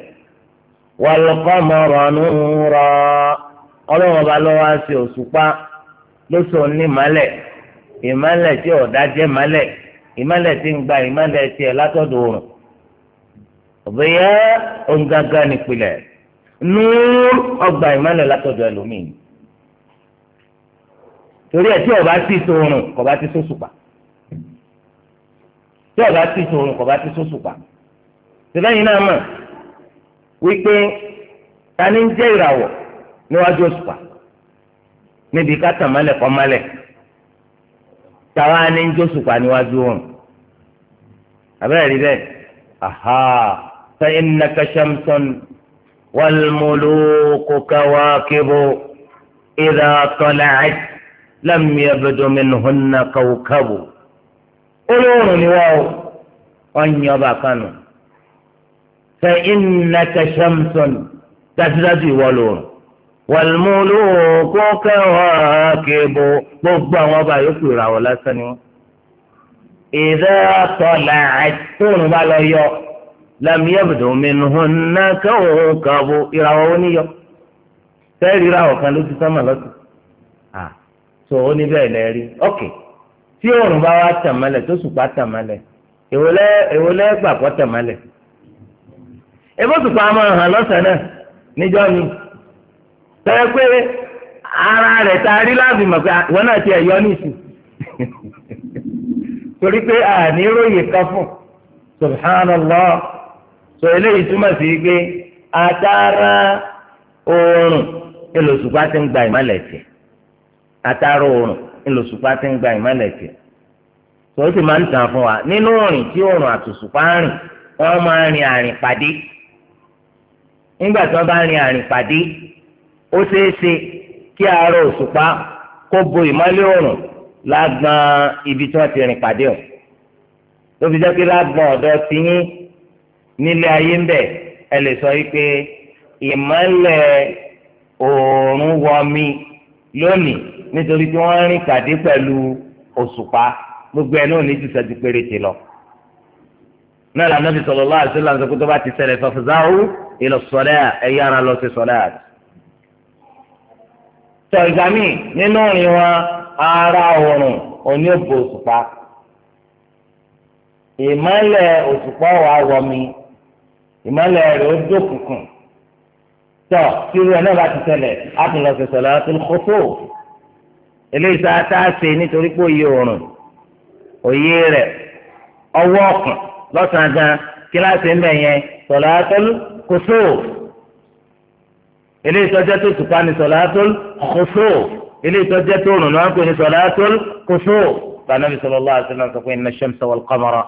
wal-qamara nura ọlọ́run lọ́wọ́ á òṣùpá lóṣù onímọ̀lẹ̀ ìmọ̀lẹ̀ tí ọ̀dá mọ̀lẹ̀ ìmọ̀lẹ̀ tí ń gba ìmọ̀lẹ̀ látọ̀dọ̀ òrùn ọgbà ìmọ̀lẹ̀ ti ti tí ọba ti wípé tani ń jẹ́ ìràwọ̀ níwájú òṣùpá níbi ká tàn mọ́lẹ̀ kọ́ mọ́lẹ̀ tàwa ni ń jóṣùpá níwájú òun abẹ́rẹ́ rí bẹ́ẹ̀ aha fa innaka shamsun wal muluku kawakibu idha tala'at lam yabdu minhunna kawkabu olóòrùn ni wọ́n ọ̀nyọ́ba kanu fẹ iná kẹsàmùsọ̀nù dájúdájú ìwọ lòrùn wàlmúlò kó kẹwàá kébò gbogbo àwọn ọba yòókù ìràwọ̀ lásán ni wọn. ìdá tọ́lá àtòrùn bá lọ yọ làmúyẹ̀bùdù mìíràn náà kẹwàá kàbò ìràwọ̀ oníyọ tẹ́ẹ̀rì ìràwọ̀ kan ló ti sánmà lọ́sùn. tó o ní lẹ́ẹ̀rí ọ̀kẹ́ tí òòrùn bá wá tàn tó sùpá tàn èwo lẹ́ẹ̀gbà kọ́ tàn ebóṣùpá máa hàn ha lọsọ náà níjọ́ mi ara rẹ ta rí láàbì pé wọn náà ti ẹ̀yọ́ nìsí torí pé àní ròyìn kan fún subhanallah sọ eléyìí túmọ̀ sí pé àtàrà oòrùn atara ti ń gba ìmọ̀lẹ̀ ti ń gba ìmọ̀lẹ̀ sọ ó sì máa ń tàn fún wa nínú nígbà tí wọ́n bá rin àrìn pàdé ó ṣeé ṣe kí àárọ̀ òṣùpá kó bo ìmọ́lẹ̀ oòrùn lágbọn ibi tí wọ́n ti rìn pàdé o tó fi jẹ́ pé lágbọn ọ̀dọ̀ tiyín nílé ayé ń bẹ̀ ẹ lè sọ yìí pé ìmọ́lẹ̀ oòrùn wọmi lónìí nítorí pé wọ́n rìn pàdé pẹ̀lú òṣùpá gbogbo ẹ̀ náà ní ti sẹ́dí péréte lọ. náà la nàbì sallallahu alaihi wasallam sọ bá ti ṣẹlẹ̀ fafza'u ila salat lọ sí salat. tọ ìgbà míì nínú ìrìn wọn ara oòrùn òní òbò òṣùpá ìmọ́lẹ̀ òṣùpá wà mi rẹ̀ ó dókùnkùn tọ tìrú ẹ náà bá ti ṣẹlẹ̀ á tún lọ sí salatul khusuf eléyìí tá lọ́sàn-án gan kíláàsì ńbẹ yẹn sọ̀làtọ́l kòsó ilé ìtọ́jẹ́ tó tùpá ni sọ̀làtọ́l kòsó ilé ìtọ́jẹ́ tó rùn náà ń pè ní sọ̀làtọ́l kòsóòf bànàbí lọ́wọ́ àti náà sọ pé iná ṣẹ́mṣẹ́ wal qamara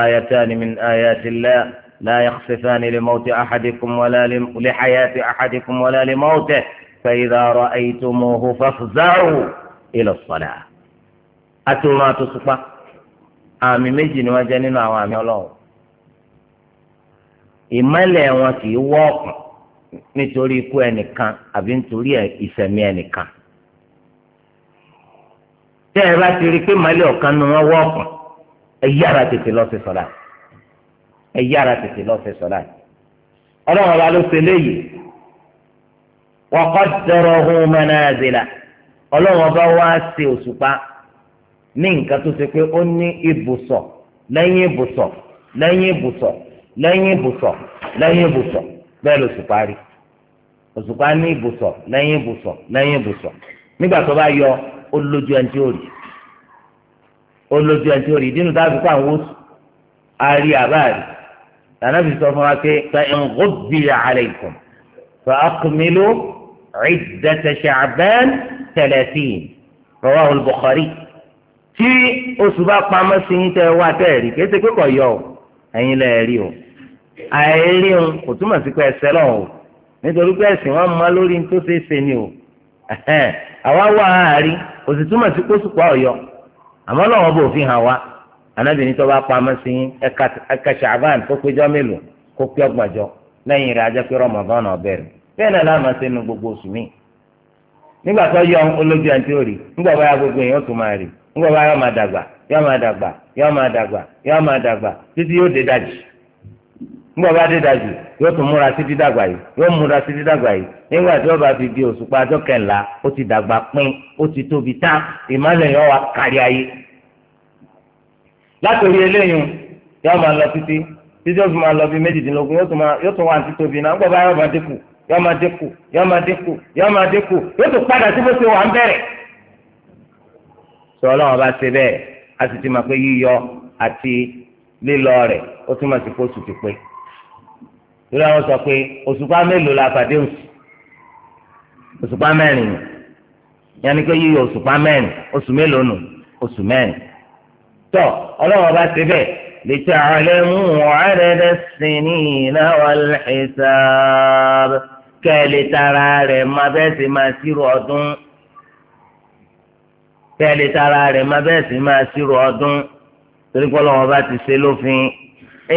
ayatan min ayatillah la yakhsifani li mawti ahadikum wala li hayati ahadikum wala li mawti fa'idha ra'aytumuhu fafza'u ila as-salah àti òun àtòsùpá. àmì méjì ni wọ́n jẹ́ nínú àwọn àmì ọlọ́run ìmọ́lẹ̀ wọn kì í wọ́ ọ̀kùn nítorí ikú ẹnìkan àbí nítorí ìṣẹ̀mí ẹnìkan tẹ́ ẹ bá ti rí i pé mọ́lẹ̀ ọ̀kan ni wọ́n wọ́ ọ̀kùn ẹ yára tètè lọ sí sọ́lá ẹ tètè lọ sí sọ́lá ọlọ́run ọba ló ṣe léyìí wọ́n kọ́ dọ̀rọ̀ ọ̀hún mọ́nà àzìlà ọlọ́run ọba wá ṣe òṣùpá ní nǹkan tó ṣe pé ó ní ibùsọ̀ lẹ́yìn ibùsọ̀ lẹ́yìn ibùsọ̀ lẹ́yìn ibùsọ̀ lẹ́yìn ibùsọ̀ bẹ́ẹ̀ ló sì parí òṣùpá ní ibùsọ̀ lẹ́yìn ibùsọ̀ lẹ́yìn ibùsọ̀ nígbà tó bá yọ ó lójú ẹni tí ó rí ó lójú ẹni tí ó rí dínú dáàbò kó àwọn oṣù àárí àbáàrí tànàbí sọ fún wa pé fa ìngóbi alaykum fa akmilu ciddata shacban talatin rawahu al-bukhari. tí oṣù bá pamọ́ sí yín tẹ́ wá tẹ́ rí kéṣe pé kò yọ ọ ẹ̀yin lẹ́ rí o àìrí o kò túmọ̀ sí pé ẹsẹ̀ lọ́wọ́ o nítorí pé ẹ̀sìn wọn mọ lórí tó ṣe ni o àwa wà áàrí kò sì túmọ̀ sí pé ọyọ pa ọ̀yọ́ àmọ́ lọ́wọ́ bò fi hàn wá tó bá pamọ́ sí ẹ̀ka ṣàbán mélòó kó pé lẹ́yìn rẹ̀ nígbà tó yọ olójú nígbà báyà gbogbo èèyàn ó ńgbọ́ bá yọ máa dàgbà yọ máa dàgbà yọ máa dàgbà yọ máa dàgbà títí yóò dé dàjì ńgbọ́ bá dé dàjì yóò tún múra títí dàgbà yìí yóò múra títí dàgbà yìí nígbà tí bá fi di òṣùpá ó ti dàgbà pín ó ti tóbi tán ìmọ̀lẹ̀ yọ kárí ayé látòrí eléyìí yọ lọ títí títí lọ bí méjìdínlógún yóò tún tóbi náà bá yọ dínkù yọ dínkù yọ dínkù yóò sọ ọlọ́run bá ṣe bẹ́ẹ̀ a sì ti mọ̀ pé yíyọ àti lílọ rẹ̀ ó túmọ̀ sí pé oṣù ti pé ìrora wọn sọ pé òṣùpá mélòó la pàdé òṣù òṣùpá mẹ́rin ni yẹn ni pé yíyọ òṣùpá mẹ́rin oṣù mélòó nù oṣù mẹ́rin tọ ọlọ́run bá ṣe bẹ́ẹ̀ lè tẹ àlẹ́ mú ọ̀rẹ́dẹ́ sí ní ìnáwó ẹ̀ṣáàbù kẹ́ ẹ lè tara rẹ̀ máa bẹ́ẹ̀ sì máa ṣírò ọdún kẹ́lẹ́ tara rẹ̀ má bẹ́ẹ̀ sì máa ṣírò ọdún torí pé ọlọ́wọ́ bá ti ṣe lófin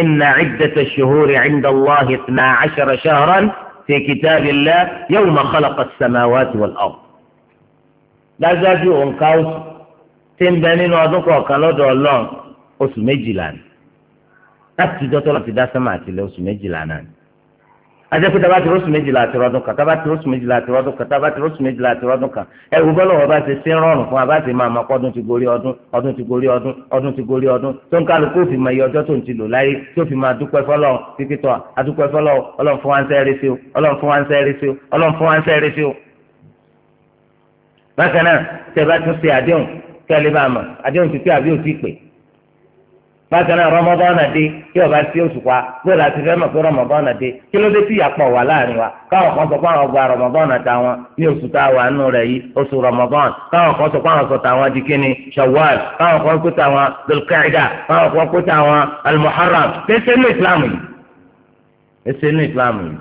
inna iddata shuhuri inda Allahi itna ashara shahran fi kitabillah yawma khalaqa as-samawati wal ard. dájúdájú òǹkà oṣù tí ń bẹ nínú ọdún kọ̀ọ̀kan lọ́dọ̀ ọlọ́run oṣù méjìlá ni láti dọ́tọ́ láti dá ajẹ́pẹ́ tá a bá ti rọ́ọ̀sù méjìlá àti rọ́ọ̀dún kan tá a bá ti rọ́ọ̀sù méjìlá àti rọ́ọ̀dún kan tá a bá ti rọ́ọ̀sù méjìlá àti rọ́ọ̀dún kan ẹ wò bọ́lọ̀ wọn bá ṣe sí rọrùn fún wa bá ṣe máa mọ ọdún ti gorí ọdún ọdún ti gorí ọdún ọdún ti gorí ọdún tó ń kálukú fi mọ iye ọjọ́ tó ń ti lò láyé tó fi máa dúpẹ́ fọlọ́run títí tọ́ adúpẹ́ fọlọ́run ọlọ́run fún wa ń sẹ́ẹ̀rẹ́ sí o ọlọ́run fún wa ń sẹ́ẹ̀rẹ́ sí o ọlọ́run fún wa ń sẹ́ẹ̀rẹ́ sí bákan náà rọmọbọ́nà dé kí ọba sí oṣù pa bóyá láti fẹ́ mọ̀ pé rọmọbọ́nà dé kí ló dé tí ìyàpọ̀ wà láàrin wa káwọn kan sọ pé àwọn gba rọmọbọ́nà táwọn ní oṣù tá a wà nínú rẹ̀ yìí oṣù rọmọbọ́n káwọn kan sọ pé àwọn sọ táwọn di kíni shawwal káwọn kan kó táwọn dulkaida káwọn kan kó táwọn almuharram ẹsẹ̀ ní islam yìí ẹsẹ̀ ní islam yìí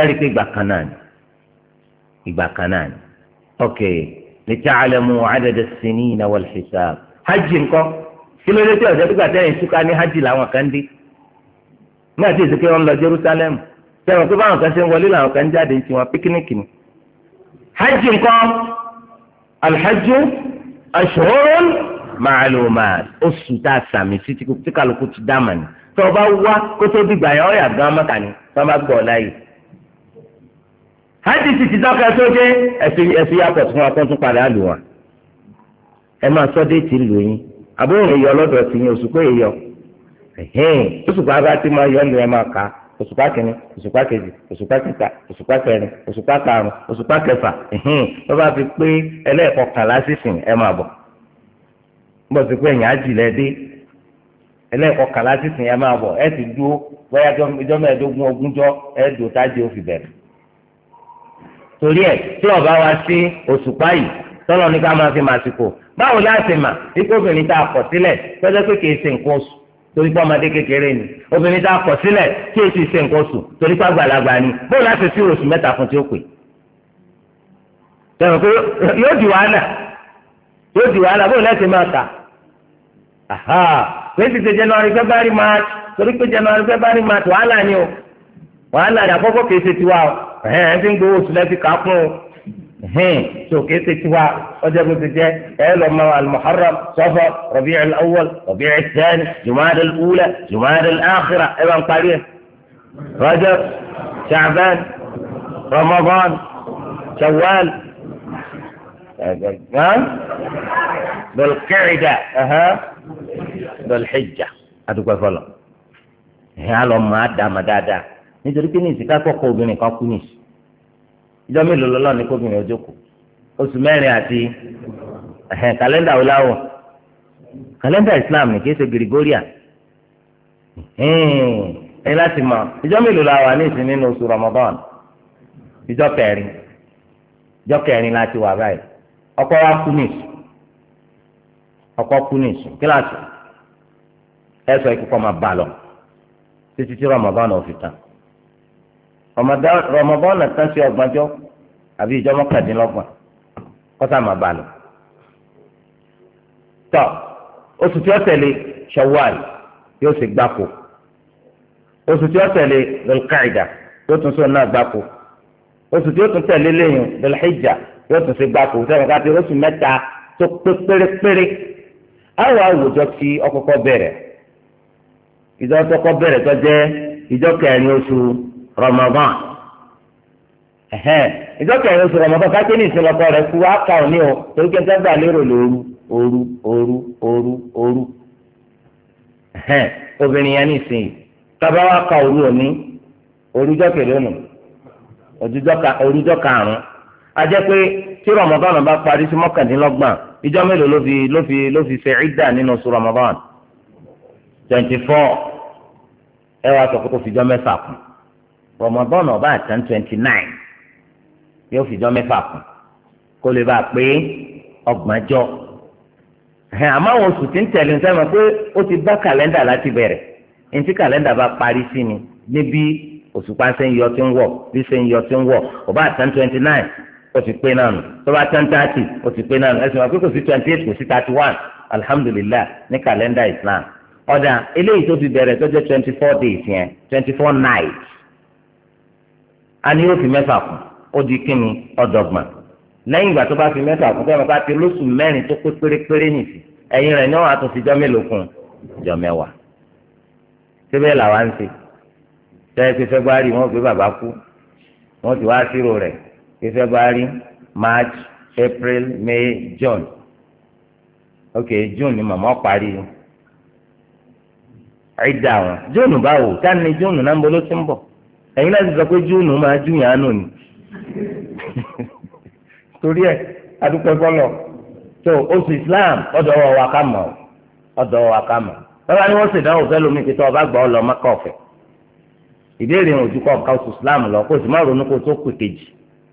ẹ̀rí pé ìgbà kan náà ni ìgbà kan náà ni ok li ta'lamu hajj ńkọ́ kí ló dé tí ọ̀jọ́ dúgbà tẹ́yìn túká ní hajj làwọn kan dé nígbà tí èsìké wọn lọ Jerusalem sẹ́wọ̀n pé báwọn kan ṣe ń wọlé làwọn kan jáde ń tiwọn píkíníkì ni hajj ńkọ́ alhajj ashhurun ma'lumat oṣù tá a sàmì sí tí kálukú ti dá mà ní tó o bá wá kó dìgbà yẹn ọ̀yà gan mọ́ta ni tó bá gbọ́ ọ hajj ti ti dọ́kẹ́ tó dé ẹ̀sìn yàtọ̀ tí wọ́n tún padà lù wọ́n. ẹ máa sọ déètì ìlú yín àbúrò èyọ lọ́dọ̀ sí yín òṣùpá èyọ òṣùpá bá ti máa yọ ọ́ ni ẹ máa kà á òṣùpá kìíní òṣùpá kejì òṣùpá kẹta òṣùpá kẹrin òṣùpá karùn òṣùpá kẹfà tó bá fi pé ẹ máa bọ̀ pé ẹ̀yìn dé ẹ máa bọ̀ ẹ ti dúró bóyá ìjọ mẹ́ẹ̀ẹ́dógún ẹ dùn ó fi bẹ̀rẹ̀ torí ẹ tí ọba wa sí òṣùpá yìí tọ́lọ́ báwo láti mà ikú obìnrin tá a kọ̀ sílẹ̀ tọ́jọ́ pé kìí ṣe nǹkan oṣù torí pé ọmọdé kékeré ni obìnrin tá a kọ̀ sílẹ̀ tí èsì ṣe nǹkan oṣù torí pé àgbàlagbà ni báwo láti sí oṣù mẹ́ta fún tí ó pè tẹ̀wọ̀n pé yóò di wàhálà yóò di wàhálà báwo láti máa kà aha twenty three january february march torí pé january february march wàhálà ni o wàhálà ni àkọ́kọ́ kìí ṣe tiwa o ẹ̀hẹ́n ẹ̀ ń fi ń gbowó oṣù lẹ́sìn هي سوكيتي تبع وجبوا تجاه قالوا ما المحرم صفر ربيع الاول ربيع الثاني جماد الاولى جماد الاخره ابن قريه رجب شعبان رمضان شوال بالقعدة أها بالحجة هذوك فلان هي على ما أدا ما دا دا نجربني سكاكو كوبيني كوبينيش ìjọ mélòó lọ́lọ́ ní kóbìnrin ọjọ́ kù oṣù mẹ́rin àti kàlẹ́ndà oláwọ̀ kàlẹ́ndà Islam ní kí ṣe Gregorian ẹ láti mọ ìjọ mélòó la wà ní ìsinmi oṣù Ramadan ìjọ kẹrin ìjọ kẹrin láti wà báyìí ọkọ wa kú nìṣó ọkọ kú nìṣó kíláàsì ẹ sọ ikú kọ́ máa bà lọ títí tí Ramadan ò fi tán rọmọbọ́ọ̀nà kan ṣe ọgbọ́njọ́ àbí ìjọ mọ́kàndínlọ́gbọ̀n kọ́sà máa bá lọ. tọ́ oṣù tí ó tẹ̀lé Shawwal yóò sì gbáko oṣù tí ó tẹ̀lé lọ́lùkàìdà yóò tún sọ náà gbáko oṣù tí ó tún tẹ̀lé lẹ́yìn lọ́lùhìjà yóò tún sí gbáko sẹ́yìn káàtì oṣù mẹ́ta tó pé pérépéré àwọn àwùjọ tí ọkọ̀kọ̀ bẹ̀rẹ̀ ìjọ tó kọ́ bẹ̀rẹ̀ tó jẹ́ ìjọ kẹrin oṣù Ramadan ẹhẹn ìjọba ẹ̀rọ sọ̀rọ̀ ọmọ bàbá kéde ìṣẹ̀lọpọ̀ rẹ̀ kú wá kà òní o torí kí n sábà lérò lóru òru òru òru òru ẹhẹn obìnrin yẹn nìsín tábà wá kà òru òní orújọ́ kèrè ònù karùn-ún pé tí Ramadan bá parí sí mọ́kàndínlọ́gbọ̀n ìjọ mélòó ló fi ló fi ló fi ṣe ìdá nínú oṣù Ramadan twenty four ẹ wá sọ pé kó fi mẹ́fà kù. rọmọdọ́nà ọba àtàn twenty nine yóò fìjọ mẹ́fà kù kó lè bá a pé ọgbọ̀njọ́ àmọ́ àwọn oṣù tí ń tẹ̀lé ń sẹ́wọ̀n pé ó ti bá kàlẹ́ndà láti bẹ̀rẹ̀ ní tí kàlẹ́ndà bá parí sí ni níbi òṣùpá ṣe ń yọ tí ń wọ̀ bí ṣe ń yọ tí ń wọ̀ ọba àtàn twenty nine ó ti pé náà nù tọ́ba àtàn thirty ó ti pé náà nù ẹ̀sìn wọn sí twenty eight kò sí thirty one alhamdulilah ní kàlẹ́ndà Islam ọ̀dà eléyìí tó fi bẹ̀rẹ̀ tó jẹ́ twenty four days yẹn twenty four nights a ní yóò fi mẹ́fà kù ó di kíni ọ̀dọ́gbọ̀n lẹ́yìn ìgbà tó bá fi mẹ́fà kù tẹ́wọ́n bá ti lóṣù mẹ́rin tó pé pérépéré nìsí ẹ̀yìn rẹ̀ náà àtún fi jọ́ mélòó kún jọ́ mẹ́wàá síbẹ̀ làwa ń ṣe tẹ́lẹ̀ pé fẹ́búárì wọ́n gbé bàbá kú wọ́n ti wá sírò rẹ̀ pé fẹ́búárì march april may june ok june ni màmá parí ìdá wọn june báwo táni june náà ń bolo ti ń bọ̀ ẹ̀yin na ti sọ pé júùnù máa júyàn ánù ni torí ẹ adúpẹ́ bọ́lọ̀ tó oṣù Islam ọ̀dọ̀ wa ká mọ̀ ọ̀dọ̀ wa ká mọ̀ bàbá ni wọ́n ṣèdánwò fẹ́ lómi pé tó ọba gbọ́ ọ lọ mọ́kà ọ̀fẹ́ ìbéèrè òjúkọ̀ ọ̀ka oṣù Islam lọ kó o sì má ronú kó o tó kù kejì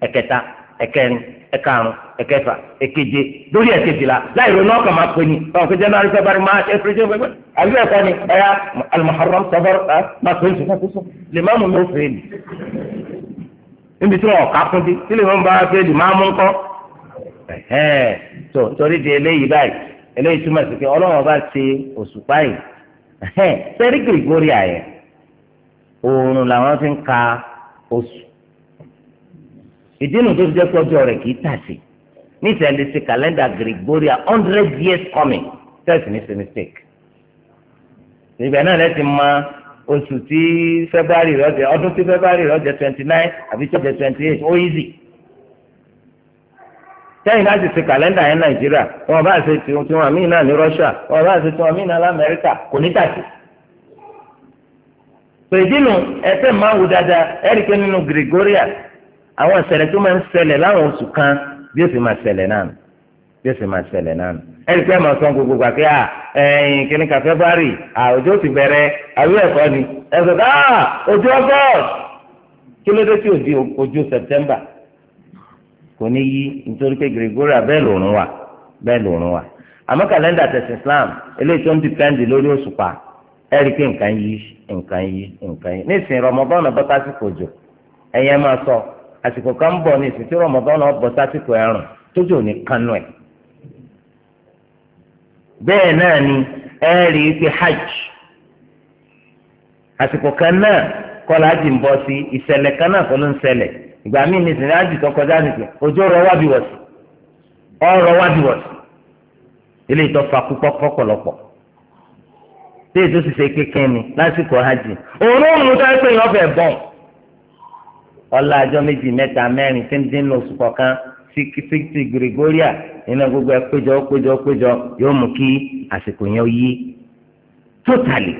ẹ̀kẹta ẹ̀kẹrin ẹ̀karùn ẹ̀kẹfà ẹ̀keje lórí ẹ̀kejìlá láì ronú ọkàn máa pè ní ọkàn kejì náà rẹpẹ bari máa ṣe fúrẹ́jẹ́ fẹ́fẹ́ àbí ẹ̀kọ́ ni ẹ̀yà alimaharam sọfọ́rọ́ ẹ̀ máa pè ní sọfọ́ sọfọ́ lè má mú mi ó fèèlì níbi tí wọn ọ̀ka fún di tí lè má mú bá fèèlì má mú kọ́ ẹ̀hẹ́n tó torí di eléyìí báyìí eléyìí túmọ̀ sí pé ọlọ́run bá ṣe òṣùpá yìí ẹ̀hẹ́n sẹ́rí gírígórí àyẹ̀ oòrùn làwọn fi ń ka oṣù ìdí nu tó ti jẹ́ pé ọjọ́ rẹ̀ kì í tà sí ní ìtẹ̀lẹ́ sí kàlẹ́ndà Gregorian hundred years coming test ní sí mistake ìgbà náà lẹ́sì mọ oṣù tí February rẹ̀ jẹ́ ọdún tí February rẹ̀ jẹ́ twenty nine àbí tó jẹ́ twenty eight ó easy tẹ́yìn láti ṣe kàlẹ́ndà yẹn nàìjíríà wọn bá ṣe tiwọn míì náà ní Russia wọn bá ṣe tiwọn míì náà lamẹ́ríkà kò ní tàbí. pèdínù ẹsẹ̀ máa wù dáadáa ẹ̀ríkẹ́ nínú Gregoria àwọn ìṣẹ̀lẹ̀ tó máa ń ṣẹlẹ̀ láwọn oṣù kan bí ó sì máa ṣẹlẹ̀ náà bí ó sì máa ṣẹlẹ̀ náà ẹni pé màá sọ gbogbo gbà pé à ẹ̀yìn kìnnì kàfẹ́ bárì àwùjọ ti bẹ̀rẹ̀ àwí ẹ̀kọ́ ni ẹ̀sọ̀ ká ojú august kí ló dé tí ò di ojú september kò ní yí nítorí pé gregoria bẹ́ẹ̀ lòrùn wà bẹ́ẹ̀ lòrùn wà àmọ́ kàlẹ́ndà tẹ̀sán islam eléyìí tó ń dìpẹ́ndì lórí òṣùpá ẹ̀rí pé nǹkan yí nǹkan yí nǹkan yí nísìnyí rọmọbọ́nà bọ́tà àsìkò kan ń bọ̀ ní ìsìn tí náà bọ̀ sásìkò ẹ̀rùn tójú òní kanú ẹ̀. bẹ́ẹ̀ náà ni ẹ rí i pé hajj àsìkò kan náà kọ́lá jì ń bọ̀ sí ìṣẹ̀lẹ̀ kan náà kọ́ ló ń ṣẹlẹ̀ ìgbà míì ní ìsìn hajj tó kọjá wá bí ọ̀rọ̀ ni lásìkò hajj òun ó mú ọlá ọjọ́ méjì mẹ́ta mẹ́rin tí ń dín ní oṣù kọ̀ọ̀kan sixty gregoria nínú gbogbo ẹ péjọ péjọ péjọ yóò mú kí àsìkò yẹn ó yí tótàlì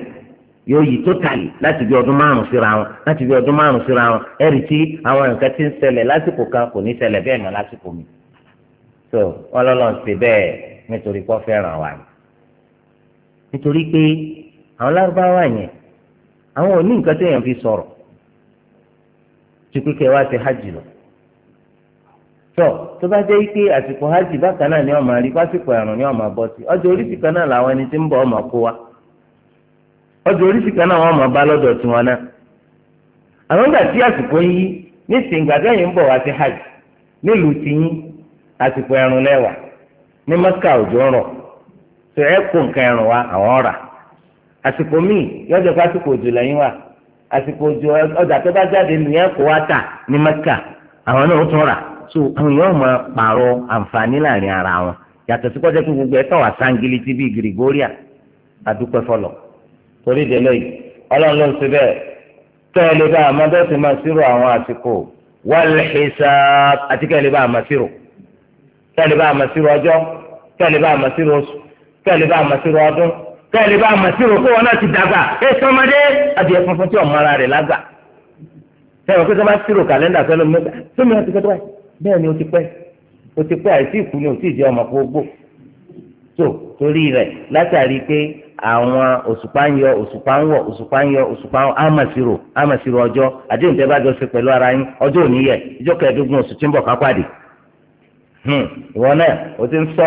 yóò yí tótàlì láti bí ọdún márùn síra wọn láti bí ọdún márùn síra wọn ẹ̀rí tí àwọn nǹkan ti ń ṣẹlẹ̀ lásìkò kan kò ní ṣẹlẹ̀ bẹ́ẹ̀ mọ́ lásìkò mi so ọlọ́lọ́ ń ṣe bẹ́ẹ̀ nítorí pé ó fẹ́ràn wa ni nítorí pé àwọn lárúbáwá yẹn àwọn ò ní nǹkan tó yẹn fi sọ̀rọ̀ ti pípẹ́ wá hajj lọ. tọ́ tó bá jẹ́ ike àsìkò hajj bákan náà ni ọmọ àrí pásìkò ẹ̀rùn ni ọmọ bọ́ sí ọjọ́ oríṣi kan náà làwọn ẹni tí ń bọ̀ ọmọ kó wa ọjọ́ oríṣi kan náà wọ́n mọ̀ bá lọ́dọ̀ tí wọn náà. àwọn ìgbà tí àsìkò yìí hajj nílùú àsìkò ẹ̀rùn lẹ́wà ní mọ́kà òjò ń rọ̀ tó nǹkan ẹ̀rùn wa àwọn ọ̀rà àsìkò míì àsìkò òjò ọjà tó bá jáde nìyẹn kó wá tà ní mẹ́kà àwọn náà ó tún rà so àwọn yóò máa pààrọ̀ àǹfààní láàrin ara wọn yàtọ̀ sí kọ́jọ́ pé gbogbo ẹ̀ tàn wá sáńgìlì tí bíi gírígóríà adúpẹ́ fọlọ̀ torí ìdẹ́lẹ́ yìí ọlọ́run ló ń ṣe bẹ́ẹ̀ tẹ́lẹ̀ bá àmọ́ bẹ́ẹ̀ sì máa ṣírò àwọn àsìkò wàlẹ̀ hisab àti kẹ́lẹ̀ bá àmọ́ ṣírò kẹ́lẹ̀ bá àmọ́ ṣírò ọjọ́ kẹ́lẹ̀ bá àmọ́ ṣírò oṣù kẹ́lẹ̀ bá àmọ́ ṣírò ọdún kẹ́lẹ́ bá mọ̀ sí ro wọn ti dàgbà ẹ sọmọdé adìẹ funfun tí ọmọ ara rẹ lágbà kẹ́lẹ́ wọn pé sọ́mọ́ sí ro kàlẹ́ndà fẹ́ lómi mẹ́ta sómi ọtí bẹ́ẹ̀ ni ti pẹ́ ó ti pẹ́ àìsí ìkú ni ó sì jẹ́ ọmọ tó torí rẹ látàrí pé àwọn òṣùpá ń yọ òṣùpá ń òṣùpá ń yọ òṣùpá ń àdéhùn bá jọ ṣe ara yín òní yẹ ìjọ oṣù tí o hmm. ti sọ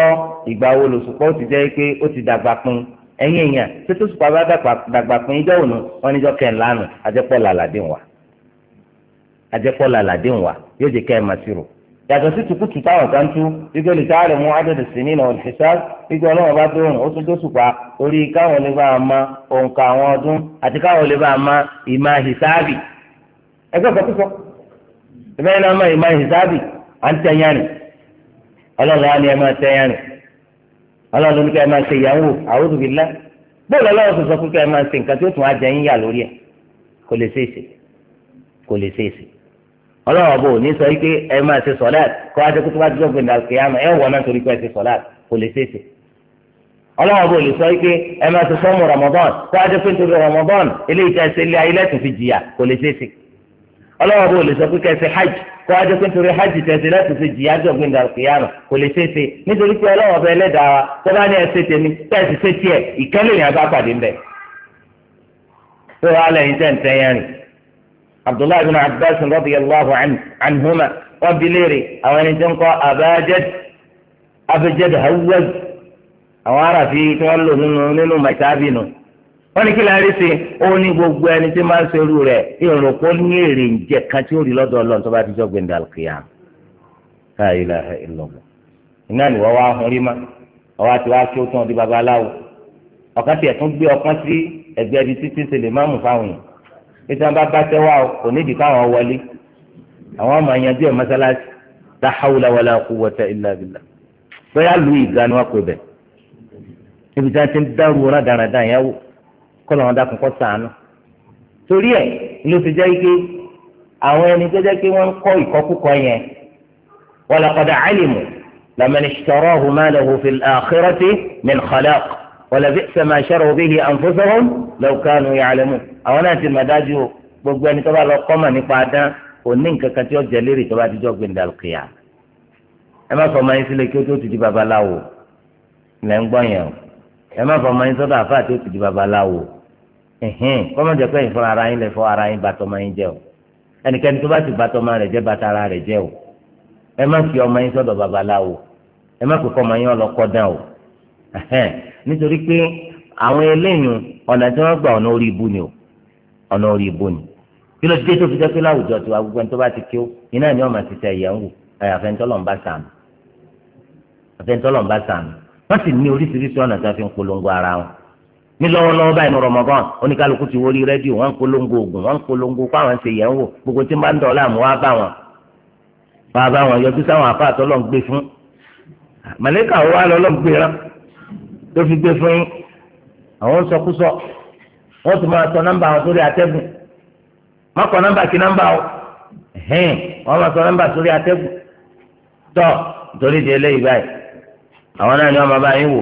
ìgbà wo lòṣùpá ó ti jẹ́ pé ó ti dàgbà ẹ̀yin èèyàn tó tó sùpà bá dàgbà pín in jọ́wọ́ nù wọ́n níjọ́ kẹ́ ń lánàá àjẹpọ̀ làlàdé wa àjẹpọ̀ làlàdé wa yóò jẹ́ kẹ́ ẹ̀ máa ṣírò yàtọ̀ sí tukutu táwọn kan tú wípé lè sáré mú adẹ́dẹ̀ sí nínú ìfisá wípé ọlọ́run bá dóhùn ó tún dóṣùpá orí káwọn lè bá ma òǹkà àwọn ọdún àti káwọn lè bá ma ìmá hìsáàbì ẹgbẹ́ kan púpọ̀ ìbẹ́yìn náà ma ìmá hìsáàbì à ń tẹ̀yán ni ọlọ́run á ní ẹ ọlọ́run ló ní ká ẹ máa ṣe ìyàwó a'udhu billah bóòlù ọlọ́run sọ fún ká ẹ máa ṣe nǹkan tí ó tún á jẹ yín yà lórí ẹ̀ kò lè ṣe é ṣe kò lè ṣe é ṣe ọlọ́run ọ̀bọ òní sọ wípé ẹ máa ṣe sọ̀láàt kó wá jẹ́ kó tó bá jọ́ gbẹ̀dà kìyàmù ẹ wọ̀ náà torí pé ẹ ṣe sọ̀láàt kò lè ṣe é ọlọ́run ọ̀bọ òní sọ wípé ẹ máa ṣe sọ́mù Ramadan kó wá jẹ́ pé nítorí Ramadan eléyìí ọlọ́wọ́ bó lè sọ pé kẹsì hajj kó wájú pé nítorí hajj tẹ̀sí láti ṣe jìyà jọ̀gbìn dàrúkìyàmù kò lè ṣe é ṣe nítorí pé ọlọ́wọ́ bẹ ẹlẹ́dàá wa tó bá ní ẹsẹ̀ tèmi tẹ̀sí ṣe tiẹ̀ ìkẹ́lẹ̀ yẹn bá pàdé ńbẹ. tó wàá lẹ́yìn tẹ̀ǹtẹ̀ yẹn rìn abdullahi bin abbas radiyallahu anhuma wọ́n bi léèrè àwọn ẹni tó ń kọ́ abajad abajad hawaz àwọn wọ́n ní kí la rí sí i ó ní gbogbo ẹni tí máa ń serú rẹ̀ èrò kó ní èrè ǹjẹ́ kan tí ó rí lọ́dọ̀ ọlọ́run tó bá ti jọ gbẹ̀ndà kìá káyé la ìlọ̀gbọ̀n iná ni wọ́n wá hun rí ma ọwọ́ àti wá kí ó tán di babaláwo ọ̀kan tiẹ̀ tún gbé ọpọ́n sí ẹgbẹ́ ibi títí ṣe lè má mú fáwọn yìí bí tí bá bá tẹ́wọ́ kò nídìí káwọn wọlé àwọn ọmọ àyànjú ẹ̀ mọ́sálásí la hawla kọ́nà wọn dákun kọ́ sànù torí ẹ̀ ló ti jẹ́ ike àwọn ẹni tó jẹ́ pé wọ́n ń kọ́ ìkọ́kúkọ yẹn wọ́n lọ kọ́dà alimu lamani sọ̀rọ̀ humana hufin àkérọ́tì min khalaq wọlẹ́bí sẹ́màṣẹ́rọ̀ òbí yìí ànfọ́sọ́rọ́m lọ́kànù yàlẹ́mú àwọn náà ti mọ̀ dájú o gbogbo ẹni tó bá lọ kọ́ mọ̀ nípa adán òní nǹkan tí ó jẹ lérè tó bá dijọ́ gbẹ̀ndàlùkìyà ẹ má fọmọ yín sílẹ̀ kí ó tó ti di babaláwo lẹ́ ń gbọ́ yẹn o ẹ má fọmọ yín sọ́dọ̀ àfáà tó ti di babaláwo ẹ̀hìn kọ́mọ̀jọ pé ìfọ ara yín lè fọ ara yín bàtọ́ máa yín jẹ́ o ẹnikẹ́ni tó bá ti bàtọ́ máa rẹ̀ jẹ́ bàtà ara rẹ̀ jẹ́ o ẹ má fi ọmọ yín sọ́dọ̀ babaláwo ẹ má fi kọ́mọ yín ọlọ́kọ́ dán o nítorí pé àwọn eléyìn ọ̀nà tí wọ́n gbà ọ̀nà orí ibu ni o ọ̀nà orí ibu ni kí ló dé tó fi jẹ́ pé láwùjọ tiwa gbogbo ẹni tó bá ti kí iná ni ọmọ ti tẹ ìyẹn wò àyàfẹ́ ńtọ́lọ́mbà sàmì àfẹ́ sàmì ní lọ́wọ́lọ́wọ́ báyìí ní Ramadan oníkálukú ti wọlé rédíò wọn ń polongo oògùn wọn ń polongo kó àwọn ṣe yẹn wò gbogbo tí máa ń dọ̀ọ́lá àmú wá bá wọn wá bá wọn yọjú sáwọn àfa àtọ́lọ́ ń gbé fún màlẹ́kà wa lọ́lọ́ ń gbé rán tó fi gbé fún yín àwọn sọkúsọ wọn tún máa sọ nọ́mbà wọn sórí atẹ́gùn má kọ nọ́mbà kí nọ́mbà o hẹ́n máa sọ nọ́mbà sórí atẹ́gùn tọ́ nítorí di eléyìí báyìí àwọn náà ni wọn máa bá yín wò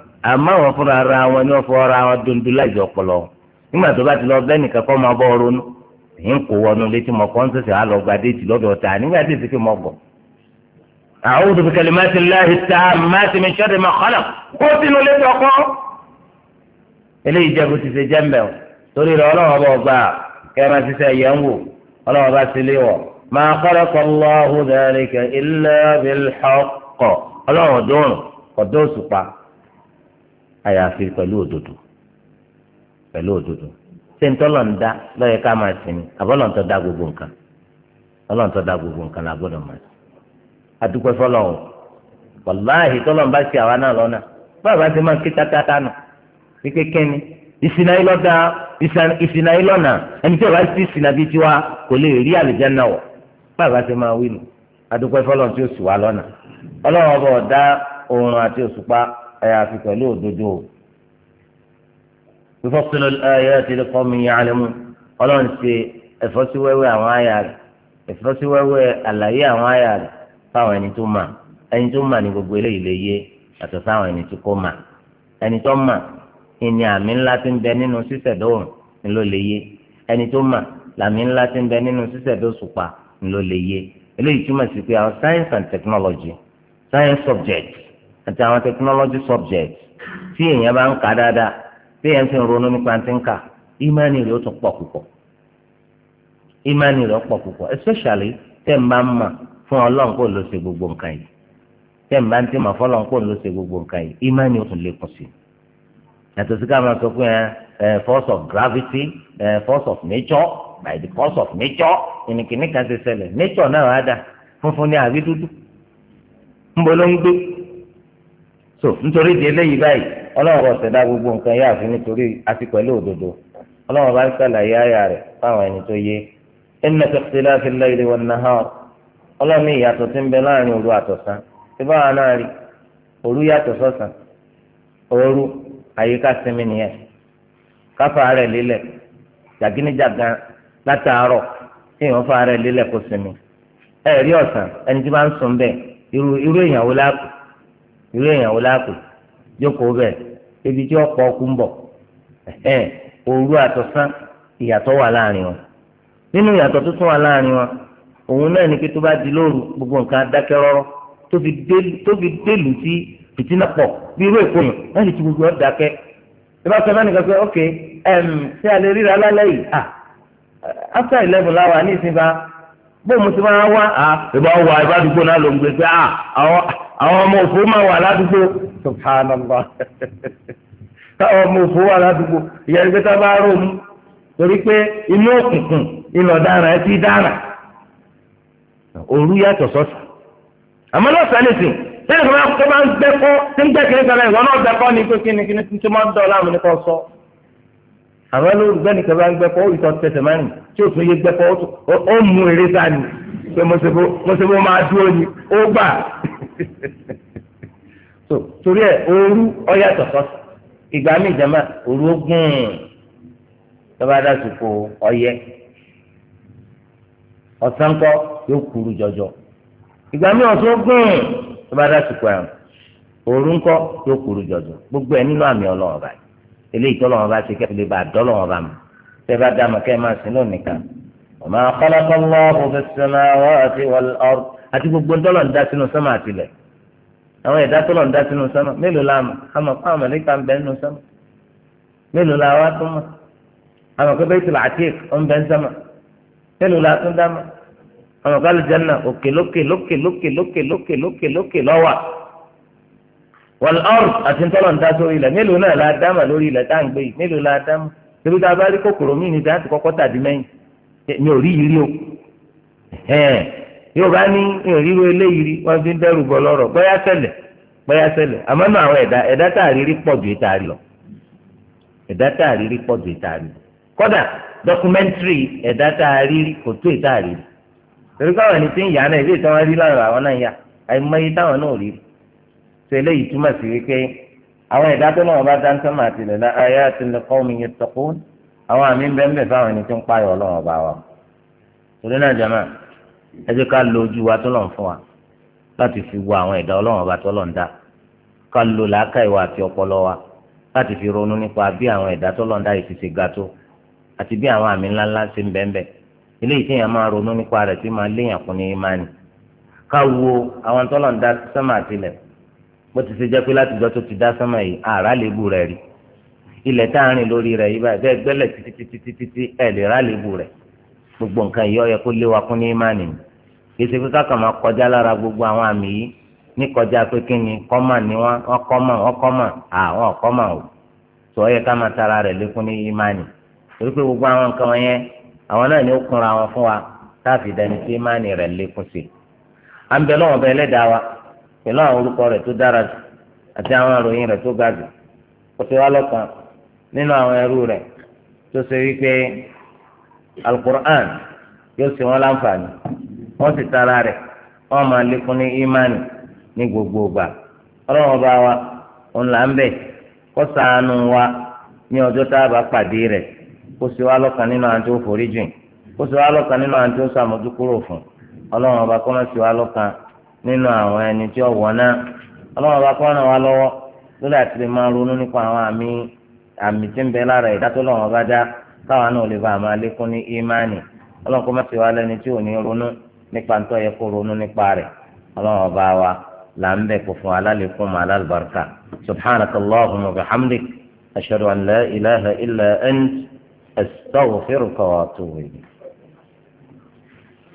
àmọ́ àwọn fúnra ara wọn ni wọ́n fọ ara wọn dundu láì jọ pọlọ nígbà tó bá ti lọ bẹ́ẹ̀ nìkan kọ́ máa bọ́ ọ ronú ń kó wọnú létí mọ kọ́ ń sẹ̀sẹ̀ á lọ gba déètì lọ́dọ̀ ta nígbà tí èsì fi mọ bọ̀. a'udhu bi kalimati llahi tammati min sharri ma khalaq kó sínú létí ọkọ. eléyìí jẹ́ kó ti ṣe jẹ́mbẹ̀ o torí rẹ̀ ọlọ́wọ́ bá gbà kẹ́rẹ́ àyàfi pẹ̀lú òdodo pẹ̀lú òdodo ṣé n tọ́lọ̀ ń dá lọ́yẹ ká máa sìn ní àbọ̀lọ̀ ń tọ́ da gbogbo nǹkan ọlọ́run ń tọ́ da gbogbo nǹkan la gbọ́dọ̀ máa sìn adúpẹ́ fọlọ́run wàláhì tọ́lọ̀ ń bá ṣe àwa náà lọ́nà báwa ti máa ń ké tátákà nù wípé ìsìnà yìí lọ́nà ẹni tí bá ti sìnà bíi tiwa kò lè rí máa wí nù tí sì wá lọ́nà ọlọ́run ọba ọ̀dá àti òṣùpá àyàfi pẹ̀lú òdodo ìfọ́sílẹ̀ ayati liqawmin ya'lamun ọlọ́run ṣe ẹ̀fọ́síwẹ́wẹ́ àwọn àyà rẹ̀ ẹ̀fọ́síwẹ́wẹ́ àlàyé àwọn àyà rẹ̀ fáwọn ẹni tó mà ẹni tó mà ní gbogbo eléyìí lè yé àti fáwọn ẹni tó kò mà ẹni tó mà ìní àmì ńlá ti ń bẹ nínú sísẹ̀dọ̀rùn ni ló lè yé ẹni tó mà làmì ńlá ti ń bẹ nínú sísẹ̀dọ̀ṣùpá ni ló lè yé eléyìí túmọ̀ sí pé àwọn science and technology science subjects àti àwọn technology subject tí èèyàn bá ń kà dáadáa tí èèyàn fi ń ronú nípa ti ń kà ìmánì rẹ̀ ó tún pọ̀ púpọ̀ ìmánì rẹ̀ ó pọ̀ púpọ̀ especially tẹ̀ ń bá ń mà fún ọlọ́run kó ló ṣe gbogbo nǹkan yìí tẹ̀ ń bá ń tẹ̀ mà fún ọlọ́run kó ló ṣe gbogbo nǹkan yìí ìmánì ó tún lékún sí yàtọ̀ sí ká máa sọ fún ẹ force of gravity uh, force of nature by the force of nature kìnnìkìnnì kan ti ṣẹlẹ̀ nature náà wá dà funfun ní àbí dúdú ń bọ́ ló gbé. so nítorí di eléyìí báyìí ọlọ́run ọ̀sẹ̀ dá gbogbo nǹkan yá àfi nítorí àti pẹ̀lú òdodo ọlọ́run bá ń sàlàyé àyà rẹ̀ fáwọn ẹni tó yé fi ikhtilafi al-layli wan-nahar ọlọ́run ní ìyàtọ̀ tí ń bẹ láàrin òru àtọ̀sán tí báwa náà rí òru yàtọ̀ sọ́sàn òru àyíká sinmi nìyẹn káfa rẹ̀ lélẹ̀ jàgínníjàgan látàárọ̀ tí èèyàn rẹ̀ lélẹ̀ kó sinmi ọ̀sán ẹni tí irú èèyàn wọlé àpè jókòó bẹ́ẹ̀ ebi tí ọ̀pọ̀ ọkù ń bọ̀ ẹ̀hẹ́n òru àtọ̀sán ìyàtọ̀ wà láàrin wọn nínú ìyàtọ̀ tó tún wà láàrin wọn òun náà ni pé tó bá di lóru gbogbo nǹkan adákẹ́ rọ́rọ́ tó fi délùú sí fìtínà pọ̀ bí irú èkó yẹn wọ́n sì ti gbogbo ọ̀ dákẹ́ ẹ bá sọ fẹ́ni kan ok ṣé a lè ríra lálẹ́ yìí ah after eleven la wà ní ìsinmi bá bóun mo ti máa wá ah ìbá wà ìbá dùgbò náà ló ń gbé pé ah àwọn àwọn ọmọ òfò máa wà ládùúgbò subhanallah táwọn ọmọ òfò wà ládùúgbò ìyá ẹgbẹ́ tá a bá rò mú torí pé inú òkùnkùn ìlọ dára ẹ ti dára òru yàtọ̀ sọ́sà àmọ́ lọ́sàn-án lè sìn sẹ́ni kan máa tó máa ń gbẹ́kọ́ tí ń gbẹ́ kiri kan ìwọ náà gbẹ́kọ́ ni pé kíni kíni tí máa ń dọ̀ láàmú ní kan sọ. àwọn olùgbẹ́ nìkan máa ń gbẹ́kọ́ ó ìtọ́ tẹsẹ̀ máa tí òtún yé gbẹ́kọ́ ó mú eré sáà ni pé mo so torí ẹ ooru ọyàtọ̀ sọ́sọ̀ ìgbà mi ìjàmbá ooru ogun tọ́ba dàsìkò ọyẹ ọ̀sán kọ́ yóò kúrú jọjọ ìgbà mi ọ̀sán ogun tọ́ba dàsìkò ẹ̀rùn ooru ńkọ́ yóò kúrú jọjọ gbogbo ẹ̀ nínú àmì ọlọ́wọ́ báyìí eléyìí tọ́lọ́wọ́ bá ṣe kẹ́kẹ́ lè bá dọ́lọ́wọ́ bá mi tẹ́ bá dá mọ̀ kẹ́ máa sin lónìí kan ọ̀ma kọ́lọ́kọ́ lọ́wọ́ fẹsẹ̀ máa wá àti wọ́n ọ̀rọ̀ àti gbogbo ńtọ́lọ̀ ń dá sínú sánmà àtìlẹ̀ àwọn ẹ̀dá tọ́lọ̀ ń dá sínú sánmà mélòó la mọ̀ àmọ̀ fún àmọ̀ nípa ń bẹ nínú sánmà mélòó la wá tún mọ̀ àmọ̀ pé bẹ́ẹ̀ ti làákìk ń bẹ ń sánmà mélòó la tún dá mọ̀ àmọ̀ pé alìjẹ́nà òkè lókè lókè lókè lókè lókè lókè lókè lọ́wà wọ́n ọ̀rùn àti ńtọ́lọ̀ ń dá sórí ilẹ̀ mélòó náà la dá yóò bá ní ìrírò eléyìí rí wọn fi ń dẹrù bọ lọrọ bóyá ṣẹlẹ̀ bóyá ṣẹlẹ̀ àmọ́ náà àwọn ẹ̀dá ẹ̀dá tá a rírí pọ̀ ju ìta rí lọ ẹ̀dá tá a rírí pọ̀ ju ìta rí lọ kódà dọkumẹ́ntìrì ẹ̀dá tá a rírí kò tó ìta rí lọ torí káwọn ẹni tí ń yà náà ilé ìtàn rí lára àwọn náà yà àìmọye táwọn náà rí ṣe eléyìí túmọ̀ sí wípé àwọn ẹ̀dá tó náà bá dáńtọ́ máa tilẹ̀ lá ayé àti lẹ́kọ́ mi yẹn tọ́kú àwọn àmì ń bẹ́ẹ̀ bẹ́ẹ̀ fáwọn ẹni tó ń pààyàn ọlọ́run ọba wa náà ẹ jẹ́ ká lo ojú wa tó lọ́n fún wa láti fi wo àwọn ẹ̀dá ọlọ́run ọba tó lọ́n dá ká lo làákàyè wa àti ọpọlọ wa láti fi ronú nípa bí àwọn ẹ̀dá tó lọ́n dá yìí ti ṣe ga tó àti bí àwọn àmì ńláńlá ṣe ń bẹ́ńbẹ́ eléyìí tí èèyàn máa ronú nípa rẹ̀ tí máa léèyàn kún ní imáni ká wo àwọn tó lọ́n dá sánmà àtilẹ̀ bó ti ṣe jẹ́ pé látijọ́ tó ti dá sánmà yìí àrà lébu rẹ̀ rí ilẹ̀ tá a rìn lórí rẹ̀ yìí báyìí bẹ́ẹ̀ gbẹ́lẹ̀ títí títí títí ẹ̀ lè rà lébu rẹ̀ gbogbo nǹkan yìí ó yẹ kó lé kún ní ìmánì gbèsè pé gbogbo àwọn àmì yìí ní kọjá pé kí ni kọ́mà ni wọ́n kọ́mà àwọn o tó ó ká tara rẹ̀ lékún ní ìmánì torí pé gbogbo àwọn nǹkan wọ̀nyẹn àwọn náà ni ó kunra wọn fún wa káàfin dání sí ìmánì rẹ̀ lékún sí i à ń bẹ lọ́wọ́ bẹ ẹlẹ́dàá wa pẹ̀lú àwọn orúkọ rẹ̀ tó dára jù àti àwọn àròyìn rẹ̀ tó ga jù alukur'an yóò ṣe wọn láǹfààní wọn sì tara rẹ̀ wọn máa lékún ní imani ní gbogbo ọlọ́run wa òun là ní ọjọ́ tá a bá pàdé rẹ̀ kó sì wá lọ́kàn nínú àwọn tó forí jìn kó lọ́kàn nínú àwọn tó sàmójúkúrò fún ọlọ́run lọ́kàn nínú àwọn ẹni tí náà ọlọ́run ràn wá lọ́wọ́ lórí máa ronú nípa àwọn àmì táwọn náà lè bá a máa lékún ní ìmánì ọlọ́run kó má ti wá lẹ́ni tí ò ní ronú nípa ń tọ́ yẹ kó ronú nípa rẹ̀ ọlọ́run ọba wa là ń bẹ̀ kó fún alálẹ́kùn mọ́ alálùbáríkà subhanaka allahumma wa bihamdik ashhadu an la ilaha illa ant astaghfiruka wa atubu ilayk.